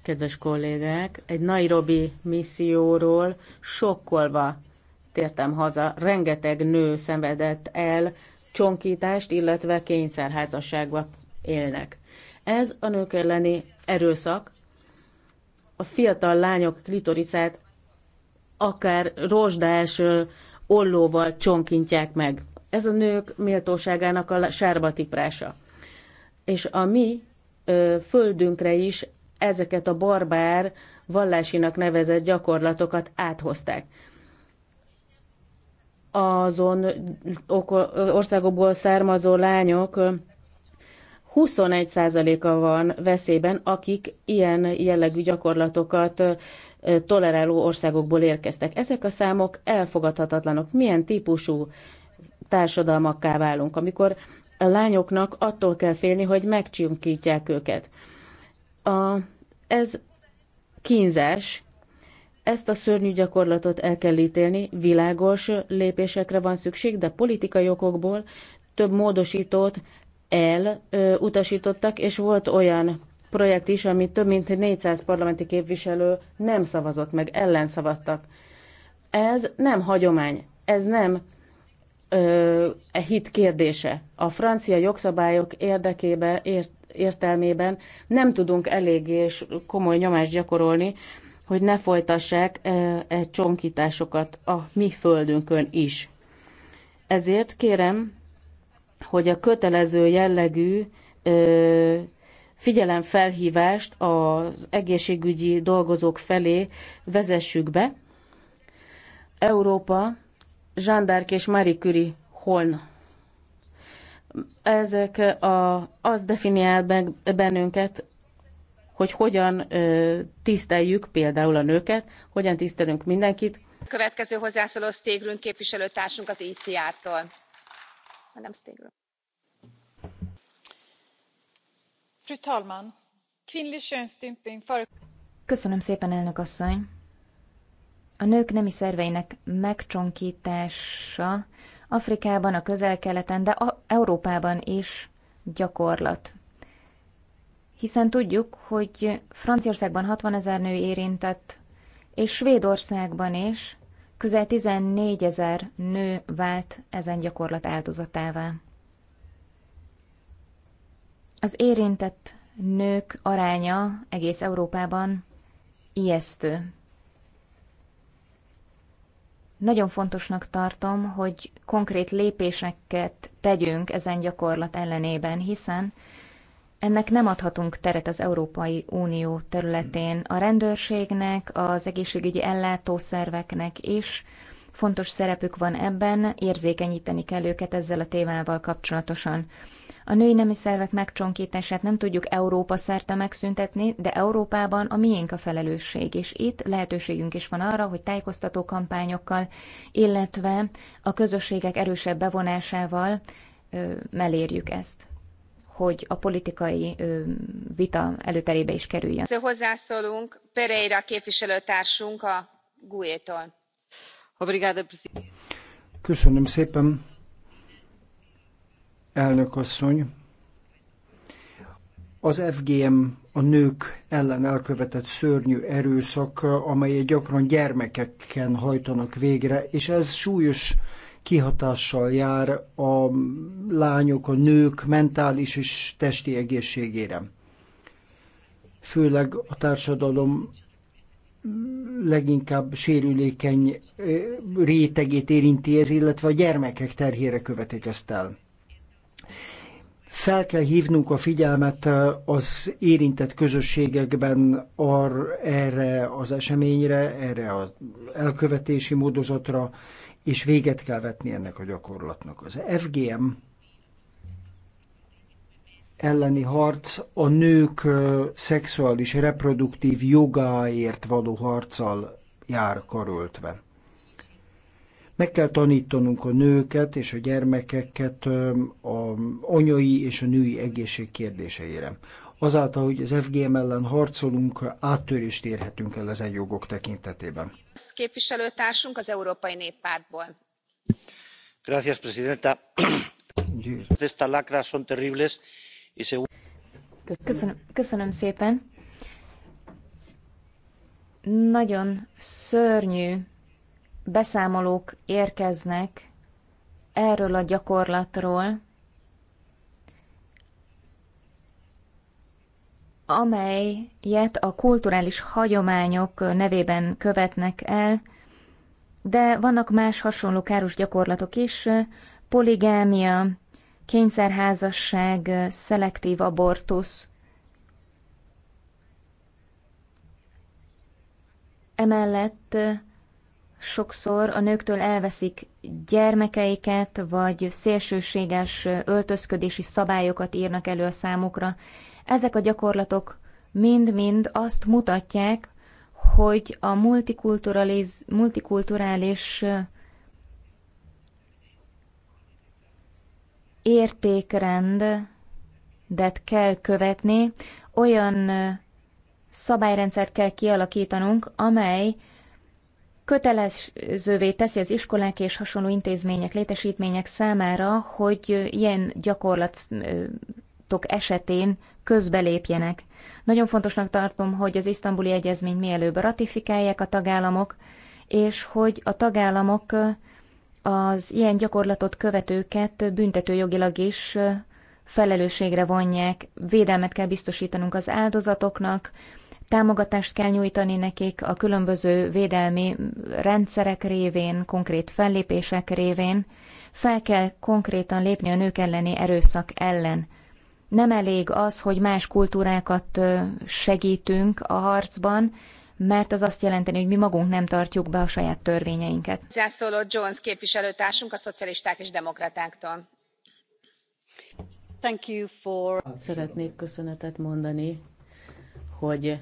Kedves kollégák, egy Nairobi misszióról sokkolva tértem haza. Rengeteg nő szenvedett el csonkítást, illetve kényszerházasságba élnek. Ez a nők elleni erőszak a fiatal lányok klitoriszát akár rozsdás ollóval csonkintják meg. Ez a nők méltóságának a sárba tiprása. És a mi földünkre is ezeket a barbár vallásinak nevezett gyakorlatokat áthozták. Azon országokból származó lányok 21%-a van veszélyben, akik ilyen jellegű gyakorlatokat toleráló országokból érkeztek. Ezek a számok elfogadhatatlanok. Milyen típusú társadalmakká válunk, amikor a lányoknak attól kell félni, hogy megcsinkítják őket. A, ez kínzás, ezt a szörnyű gyakorlatot el kell ítélni, világos lépésekre van szükség, de politikai okokból több módosítót elutasítottak, és volt olyan projekt is, amit több mint 400 parlamenti képviselő nem szavazott meg, ellen Ez nem hagyomány, ez nem ö, e hit kérdése. A francia jogszabályok érdekében, ért, értelmében nem tudunk eléggé és komoly nyomást gyakorolni, hogy ne folytassák e, e csonkításokat a mi földünkön is. Ezért kérem, hogy a kötelező jellegű ö, figyelemfelhívást az egészségügyi dolgozók felé vezessük be. Európa Jeanne d'Arc és Marie Curie Holn. Ezek a, az definiál meg bennünket, hogy hogyan ö, tiszteljük például a nőket, hogyan tisztelünk mindenkit. Következő hozzászóló Stégrün képviselőtársunk az ICR-tól. Nem Stégrün. Fru talman, kvinnlig Köszönöm szépen, elnök asszony! A nők nemi szerveinek megcsonkítása Afrikában, a közel-keleten, de a Európában is gyakorlat. Hiszen tudjuk, hogy Franciaországban 60 ezer nő érintett, és Svédországban is közel 14 ezer nő vált ezen gyakorlat áldozatává. Az érintett nők aránya egész Európában ijesztő. Nagyon fontosnak tartom, hogy konkrét lépéseket tegyünk ezen gyakorlat ellenében, hiszen ennek nem adhatunk teret az Európai Unió területén. A rendőrségnek, az egészségügyi ellátószerveknek is fontos szerepük van ebben, érzékenyíteni kell őket ezzel a témával kapcsolatosan. A női nemi szervek megcsonkítását nem tudjuk Európa szerte megszüntetni, de Európában a miénk a felelősség, és itt lehetőségünk is van arra, hogy tájékoztató kampányokkal, illetve a közösségek erősebb bevonásával ö, melérjük ezt hogy a politikai ö, vita előterébe is kerüljön. Hozzászólunk Pereira képviselőtársunk a GUE-tól. Köszönöm szépen elnök asszony. Az FGM a nők ellen elkövetett szörnyű erőszak, amelyet gyakran gyermekekken hajtanak végre, és ez súlyos kihatással jár a lányok, a nők mentális és testi egészségére. Főleg a társadalom leginkább sérülékeny rétegét érinti ez, illetve a gyermekek terhére követik ezt el fel kell hívnunk a figyelmet az érintett közösségekben ar, erre az eseményre, erre az elkövetési módozatra, és véget kell vetni ennek a gyakorlatnak. Az FGM elleni harc a nők szexuális reproduktív jogáért való harccal jár karöltve. Meg kell tanítanunk a nőket és a gyermekeket a anyai és a női egészség kérdéseire. Azáltal, hogy az FGM ellen harcolunk, áttörést érhetünk el ezen jogok tekintetében. Képviselőtársunk az Európai Néppártból. Gracias, presidenta. Köszönöm, köszönöm szépen. Nagyon szörnyű beszámolók érkeznek erről a gyakorlatról, amelyet a kulturális hagyományok nevében követnek el, de vannak más hasonló káros gyakorlatok is, poligámia, kényszerházasság, szelektív abortusz. Emellett sokszor a nőktől elveszik gyermekeiket, vagy szélsőséges öltözködési szabályokat írnak elő a számukra. Ezek a gyakorlatok mind-mind azt mutatják, hogy a multikulturális, multikulturális értékrendet kell követni, olyan szabályrendszert kell kialakítanunk, amely kötelezővé teszi az iskolák és hasonló intézmények, létesítmények számára, hogy ilyen gyakorlatok esetén közbelépjenek. Nagyon fontosnak tartom, hogy az isztambuli egyezményt mielőbb ratifikálják a tagállamok, és hogy a tagállamok az ilyen gyakorlatot követőket büntetőjogilag is felelősségre vonják, védelmet kell biztosítanunk az áldozatoknak, Támogatást kell nyújtani nekik a különböző védelmi rendszerek révén, konkrét fellépések révén. Fel kell konkrétan lépni a nők elleni erőszak ellen. Nem elég az, hogy más kultúrákat segítünk a harcban, mert az azt jelenteni, hogy mi magunk nem tartjuk be a saját törvényeinket. Zászóló Jones képviselőtársunk a szocialisták és demokratáktól. Thank you for... Szeretnék köszönetet mondani, hogy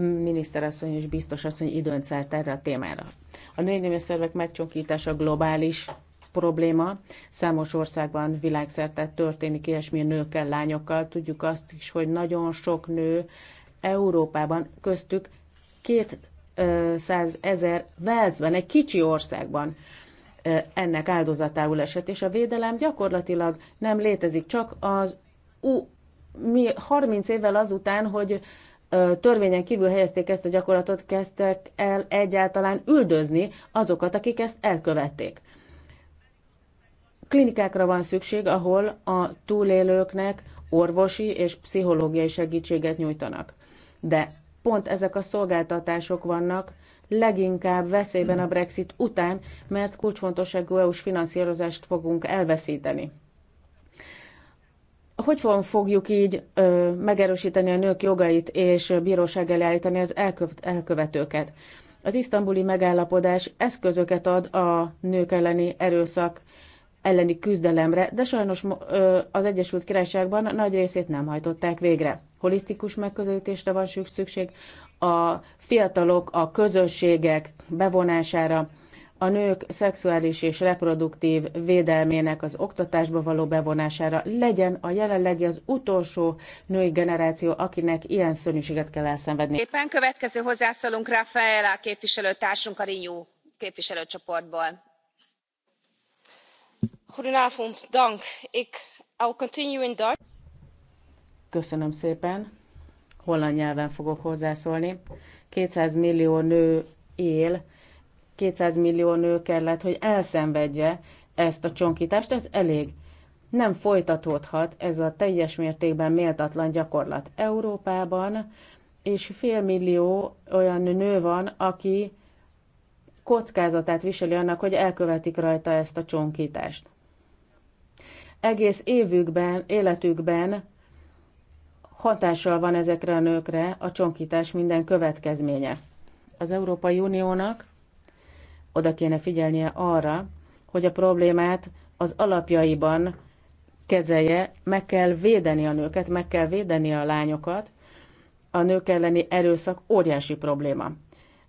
miniszterasszony és biztos időn szárt erre a témára. A női szervek megcsonkítása globális probléma. Számos országban világszerte történik ilyesmi nőkkel, lányokkal. Tudjuk azt is, hogy nagyon sok nő Európában, köztük két ezer Velszben, egy kicsi országban ennek áldozatául esett, és a védelem gyakorlatilag nem létezik, csak az U, mi 30 évvel azután, hogy törvényen kívül helyezték ezt a gyakorlatot, kezdtek el egyáltalán üldözni azokat, akik ezt elkövették. Klinikákra van szükség, ahol a túlélőknek orvosi és pszichológiai segítséget nyújtanak. De pont ezek a szolgáltatások vannak leginkább veszélyben a Brexit után, mert kulcsfontosságú EU-s finanszírozást fogunk elveszíteni. Hogy fogjuk így ö, megerősíteni a nők jogait és bíróság elé állítani az elkövet, elkövetőket? Az isztambuli megállapodás eszközöket ad a nők elleni erőszak elleni küzdelemre, de sajnos ö, az Egyesült Királyságban nagy részét nem hajtották végre. Holisztikus megközelítésre van szükség, a fiatalok, a közösségek bevonására, a nők szexuális és reproduktív védelmének az oktatásba való bevonására legyen a jelenlegi az utolsó női generáció, akinek ilyen szörnyűséget kell elszenvedni. Éppen következő hozzászólunk Rafaela képviselőtársunk a Rinyú képviselőcsoportból. Goedenavond, dank. Ik, I'll continue in Dutch. Köszönöm szépen. Holland nyelven fogok hozzászólni. 200 millió nő él 200 millió nő kellett, hogy elszenvedje ezt a csonkítást, ez elég. Nem folytatódhat ez a teljes mértékben méltatlan gyakorlat. Európában és fél millió olyan nő van, aki kockázatát viseli annak, hogy elkövetik rajta ezt a csonkítást. Egész évükben, életükben hatással van ezekre a nőkre a csonkítás minden következménye. Az Európai Uniónak oda kéne figyelnie arra, hogy a problémát az alapjaiban kezelje, meg kell védeni a nőket, meg kell védeni a lányokat. A nők elleni erőszak óriási probléma.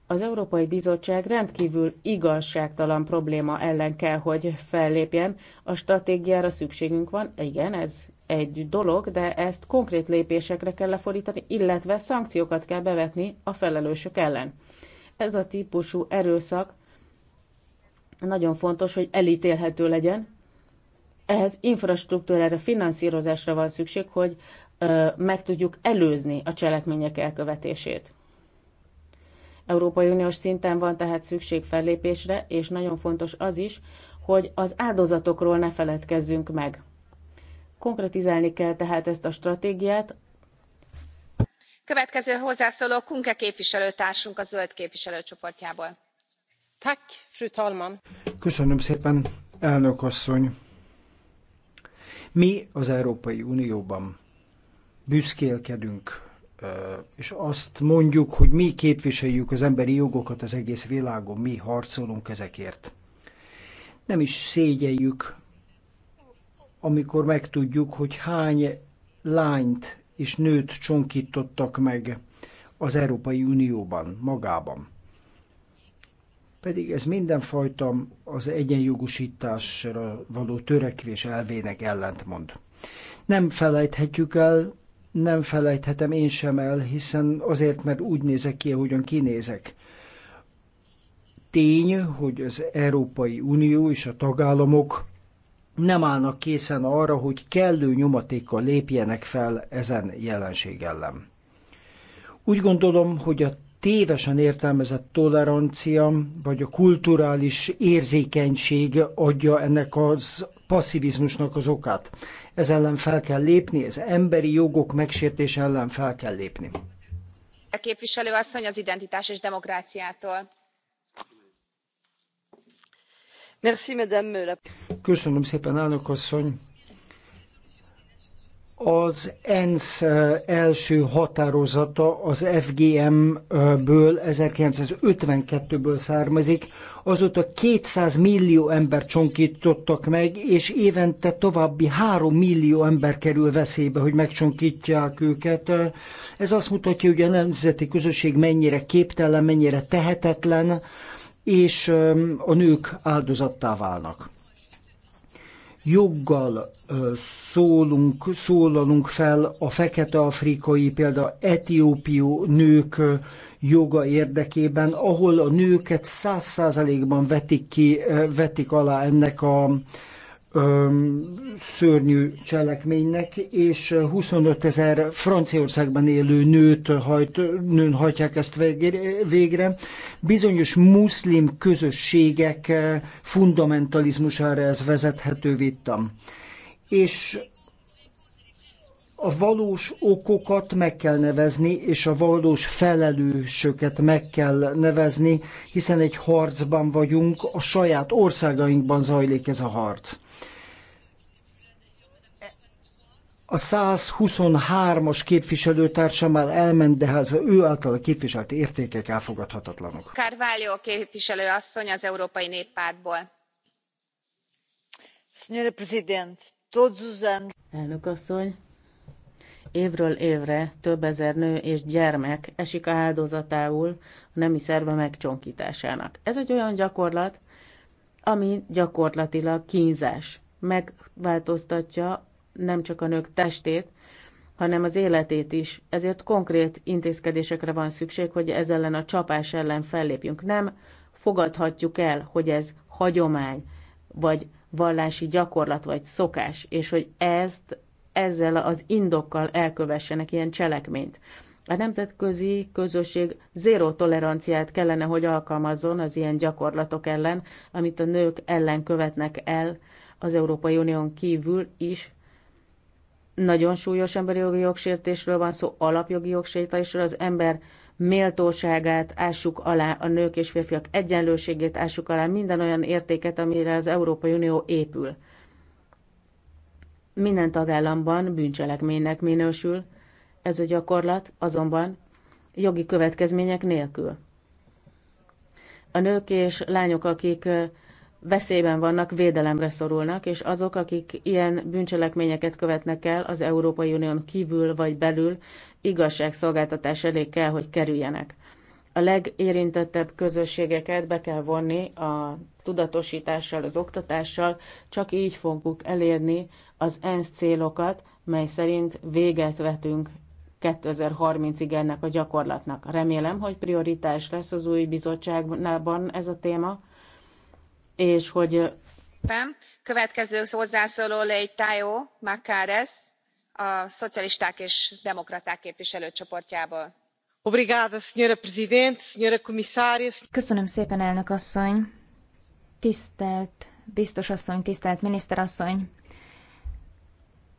Az Európai Bizottság rendkívül igazságtalan probléma ellen kell, hogy fellépjen. A stratégiára szükségünk van, igen, ez egy dolog, de ezt konkrét lépésekre kell lefordítani, illetve szankciókat kell bevetni a felelősök ellen. Ez a típusú erőszak nagyon fontos, hogy elítélhető legyen. Ehhez infrastruktúrára, finanszírozásra van szükség, hogy ö, meg tudjuk előzni a cselekmények elkövetését. Európai Uniós szinten van tehát szükség fellépésre, és nagyon fontos az is, hogy az áldozatokról ne feledkezzünk meg. Konkretizálni kell tehát ezt a stratégiát. Következő hozzászóló Kunke képviselőtársunk a zöld képviselőcsoportjából fru talman! Köszönöm szépen, elnök asszony! Mi az Európai Unióban büszkélkedünk, és azt mondjuk, hogy mi képviseljük az emberi jogokat az egész világon, mi harcolunk ezekért. Nem is szégyeljük, amikor megtudjuk, hogy hány lányt és nőt csonkítottak meg az Európai Unióban, magában pedig ez mindenfajta az egyenjogosításra való törekvés elvének ellentmond. Nem felejthetjük el, nem felejthetem én sem el, hiszen azért, mert úgy nézek ki, ahogyan kinézek. Tény, hogy az Európai Unió és a tagállamok nem állnak készen arra, hogy kellő nyomatékkal lépjenek fel ezen jelenség ellen. Úgy gondolom, hogy a tévesen értelmezett tolerancia, vagy a kulturális érzékenység adja ennek az passzivizmusnak az okát. Ez ellen fel kell lépni, ez emberi jogok megsértése ellen fel kell lépni. A képviselő asszony az identitás és demokráciától. Merci, madame. Köszönöm szépen, elnök asszony az ENSZ első határozata az FGM-ből 1952-ből származik, azóta 200 millió ember csonkítottak meg, és évente további 3 millió ember kerül veszélybe, hogy megcsonkítják őket. Ez azt mutatja, hogy a nemzeti közösség mennyire képtelen, mennyire tehetetlen, és a nők áldozattá válnak joggal szólunk, szólalunk fel a fekete-afrikai, például etiópió nők joga érdekében, ahol a nőket száz százalékban vetik ki, vetik alá ennek a szörnyű cselekménynek, és 25 ezer Franciaországban élő nőt hajt, nőn hajtják ezt végre. Bizonyos muszlim közösségek fundamentalizmusára ez vezethető vittam. És a valós okokat meg kell nevezni, és a valós felelősöket meg kell nevezni, hiszen egy harcban vagyunk, a saját országainkban zajlik ez a harc a 123-as már elment, de az hát ő által a képviselt értékek elfogadhatatlanok. Carvalho képviselő asszony az Európai Néppártból. Signore Presidente, todos os anos... Elnök asszony, évről évre több ezer nő és gyermek esik áldozatául a nemi szerve megcsonkításának. Ez egy olyan gyakorlat, ami gyakorlatilag kínzás. Megváltoztatja nem csak a nők testét, hanem az életét is. Ezért konkrét intézkedésekre van szükség, hogy ez ellen a csapás ellen fellépjünk. Nem fogadhatjuk el, hogy ez hagyomány, vagy vallási gyakorlat, vagy szokás, és hogy ezt ezzel az indokkal elkövessenek ilyen cselekményt. A nemzetközi közösség zéró toleranciát kellene, hogy alkalmazzon az ilyen gyakorlatok ellen, amit a nők ellen követnek el az Európai Unión kívül is, nagyon súlyos emberi jogi jogsértésről van szó, alapjogi jogsértésről, az ember méltóságát ássuk alá, a nők és férfiak egyenlőségét ássuk alá, minden olyan értéket, amire az Európai Unió épül. Minden tagállamban bűncselekménynek minősül ez a gyakorlat, azonban jogi következmények nélkül. A nők és lányok, akik veszélyben vannak, védelemre szorulnak, és azok, akik ilyen bűncselekményeket követnek el az Európai Unión kívül vagy belül, igazságszolgáltatás elé kell, hogy kerüljenek. A legérintettebb közösségeket be kell vonni a tudatosítással, az oktatással, csak így fogjuk elérni az ENSZ célokat, mely szerint véget vetünk 2030-ig ennek a gyakorlatnak. Remélem, hogy prioritás lesz az új bizottságban ez a téma, és hogy következő hozzászóló leitao macares a szocialisták és demokraták képviselőcsoportjából. köszönöm szépen elnök asszony tisztelt biztos asszony tisztelt miniszter asszony!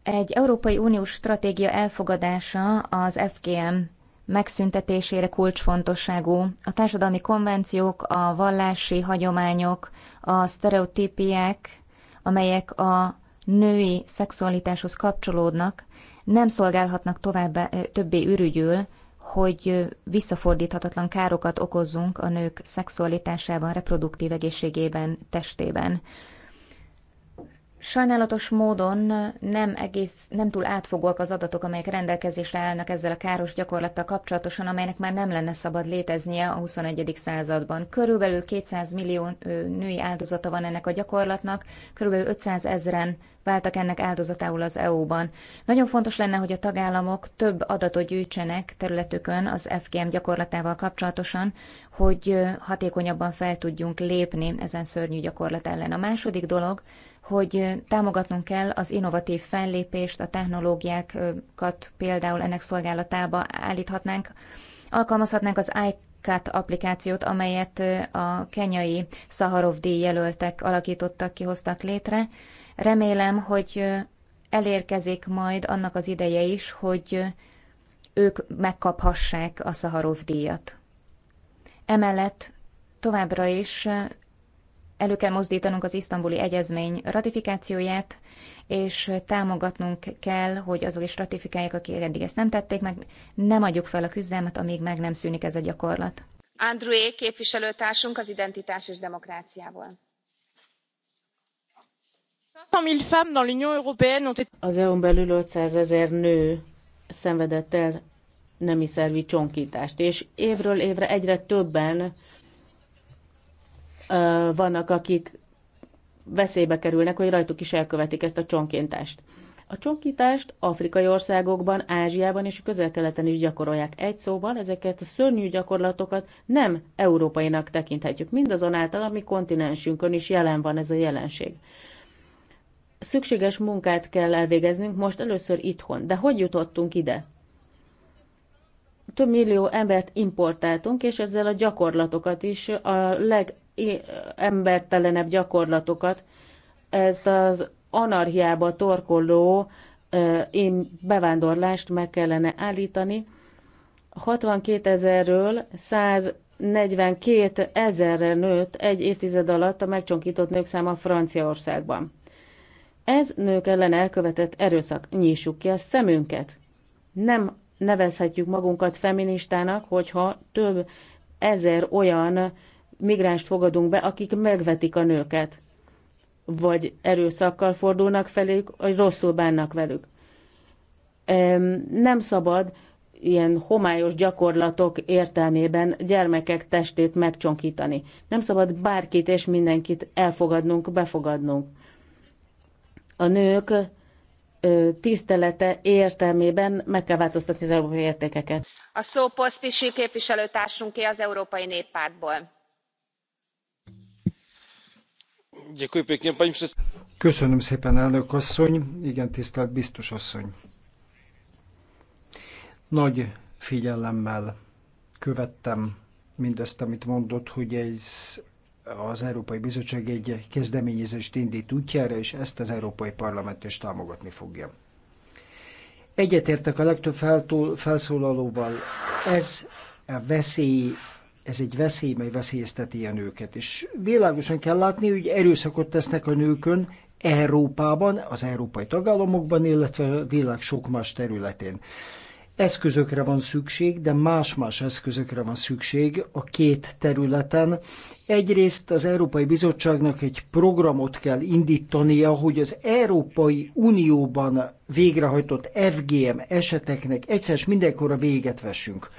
egy európai uniós stratégia elfogadása az fgm megszüntetésére kulcsfontosságú. A társadalmi konvenciók, a vallási hagyományok, a sztereotípiák, amelyek a női szexualitáshoz kapcsolódnak, nem szolgálhatnak tovább többé ürügyül, hogy visszafordíthatatlan károkat okozzunk a nők szexualitásában, reproduktív egészségében, testében. Sajnálatos módon nem egész, nem túl átfogóak az adatok, amelyek rendelkezésre állnak ezzel a káros gyakorlattal kapcsolatosan, amelynek már nem lenne szabad léteznie a XXI. században. Körülbelül 200 millió női áldozata van ennek a gyakorlatnak, körülbelül 500 ezren váltak ennek áldozatául az EU-ban. Nagyon fontos lenne, hogy a tagállamok több adatot gyűjtsenek területükön az FGM gyakorlatával kapcsolatosan, hogy hatékonyabban fel tudjunk lépni ezen szörnyű gyakorlat ellen. A második dolog, hogy támogatnunk kell az innovatív fellépést, a technológiákat például ennek szolgálatába állíthatnánk. Alkalmazhatnánk az ICAT applikációt, amelyet a kenyai Szaharov díj jelöltek alakítottak ki, hoztak létre. Remélem, hogy elérkezik majd annak az ideje is, hogy ők megkaphassák a Szaharov díjat. Emellett továbbra is elő kell mozdítanunk az isztambuli egyezmény ratifikációját, és támogatnunk kell, hogy azok is ratifikálják, akik eddig ezt nem tették meg. Nem adjuk fel a küzdelmet, amíg meg nem szűnik ez a gyakorlat. André képviselőtársunk az identitás és demokráciából. Az EU-n belül 500 ezer nő szenvedett el nemi szervi csonkítást, és évről évre egyre többen vannak, akik veszélybe kerülnek, hogy rajtuk is elkövetik ezt a csonkintást. A csonkítást afrikai országokban, Ázsiában és közel-keleten is gyakorolják. Egy szóval ezeket a szörnyű gyakorlatokat nem európainak tekinthetjük, mindazonáltal, ami kontinensünkön is jelen van ez a jelenség. Szükséges munkát kell elvégeznünk most először itthon, de hogy jutottunk ide? Több millió embert importáltunk, és ezzel a gyakorlatokat is a leg embertelenebb gyakorlatokat, ezt az anarhiába torkoló én bevándorlást meg kellene állítani. 62 ezerről 142 ezerre nőtt egy évtized alatt a megcsonkított nők száma Franciaországban. Ez nők ellen elkövetett erőszak. Nyissuk ki a szemünket. Nem nevezhetjük magunkat feministának, hogyha több ezer olyan migránst fogadunk be, akik megvetik a nőket, vagy erőszakkal fordulnak felük, vagy rosszul bánnak velük. Nem szabad ilyen homályos gyakorlatok értelmében gyermekek testét megcsonkítani. Nem szabad bárkit és mindenkit elfogadnunk, befogadnunk. A nők tisztelete értelmében meg kell változtatni az európai értékeket. A szó Poszpisi képviselőtársunké az Európai Néppártból Köszönöm szépen, elnök asszony. Igen, tisztelt biztos asszony. Nagy figyelemmel követtem mindazt, amit mondott, hogy ez az Európai Bizottság egy kezdeményezést indít útjára, és ezt az Európai Parlament is támogatni fogja. Egyetértek a legtöbb feltól, felszólalóval. Ez a veszély ez egy veszély, mely veszélyezteti a nőket. És világosan kell látni, hogy erőszakot tesznek a nőkön Európában, az európai tagállamokban, illetve a világ sok más területén. Eszközökre van szükség, de más-más eszközökre van szükség a két területen. Egyrészt az Európai Bizottságnak egy programot kell indítania, hogy az Európai Unióban végrehajtott FGM eseteknek egyszer mindenkor a véget vessünk.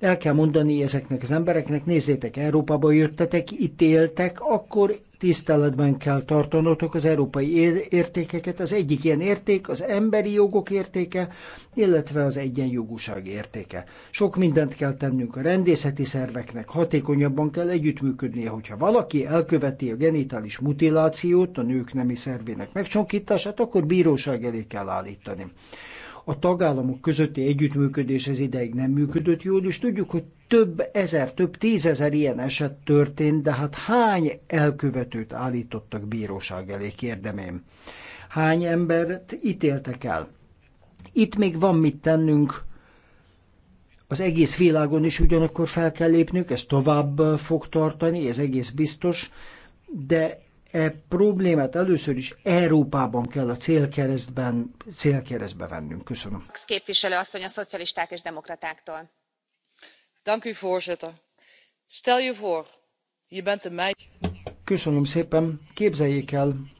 El kell mondani ezeknek az embereknek, nézzétek, Európába jöttetek, itt éltek, akkor tiszteletben kell tartanotok az európai értékeket. Az egyik ilyen érték az emberi jogok értéke, illetve az egyenjogúság értéke. Sok mindent kell tennünk a rendészeti szerveknek, hatékonyabban kell együttműködnie, hogyha valaki elköveti a genitális mutilációt, a nők nemi szervének megcsonkítását, akkor bíróság elé kell állítani a tagállamok közötti együttműködés ez ideig nem működött jól, és tudjuk, hogy több ezer, több tízezer ilyen eset történt, de hát hány elkövetőt állítottak bíróság elé, kérdemém? Hány embert ítéltek el? Itt még van mit tennünk, az egész világon is ugyanakkor fel kell lépnünk, ez tovább fog tartani, ez egész biztos, de e problémát először is Európában kell a célkeresztben, célkeresztbe vennünk. Köszönöm. Képviselő asszony a szocialisták és demokratáktól. Dank u, voorzitter. Stel je voor, je bent een meisje. Köszönöm szépen. Képzeljék el,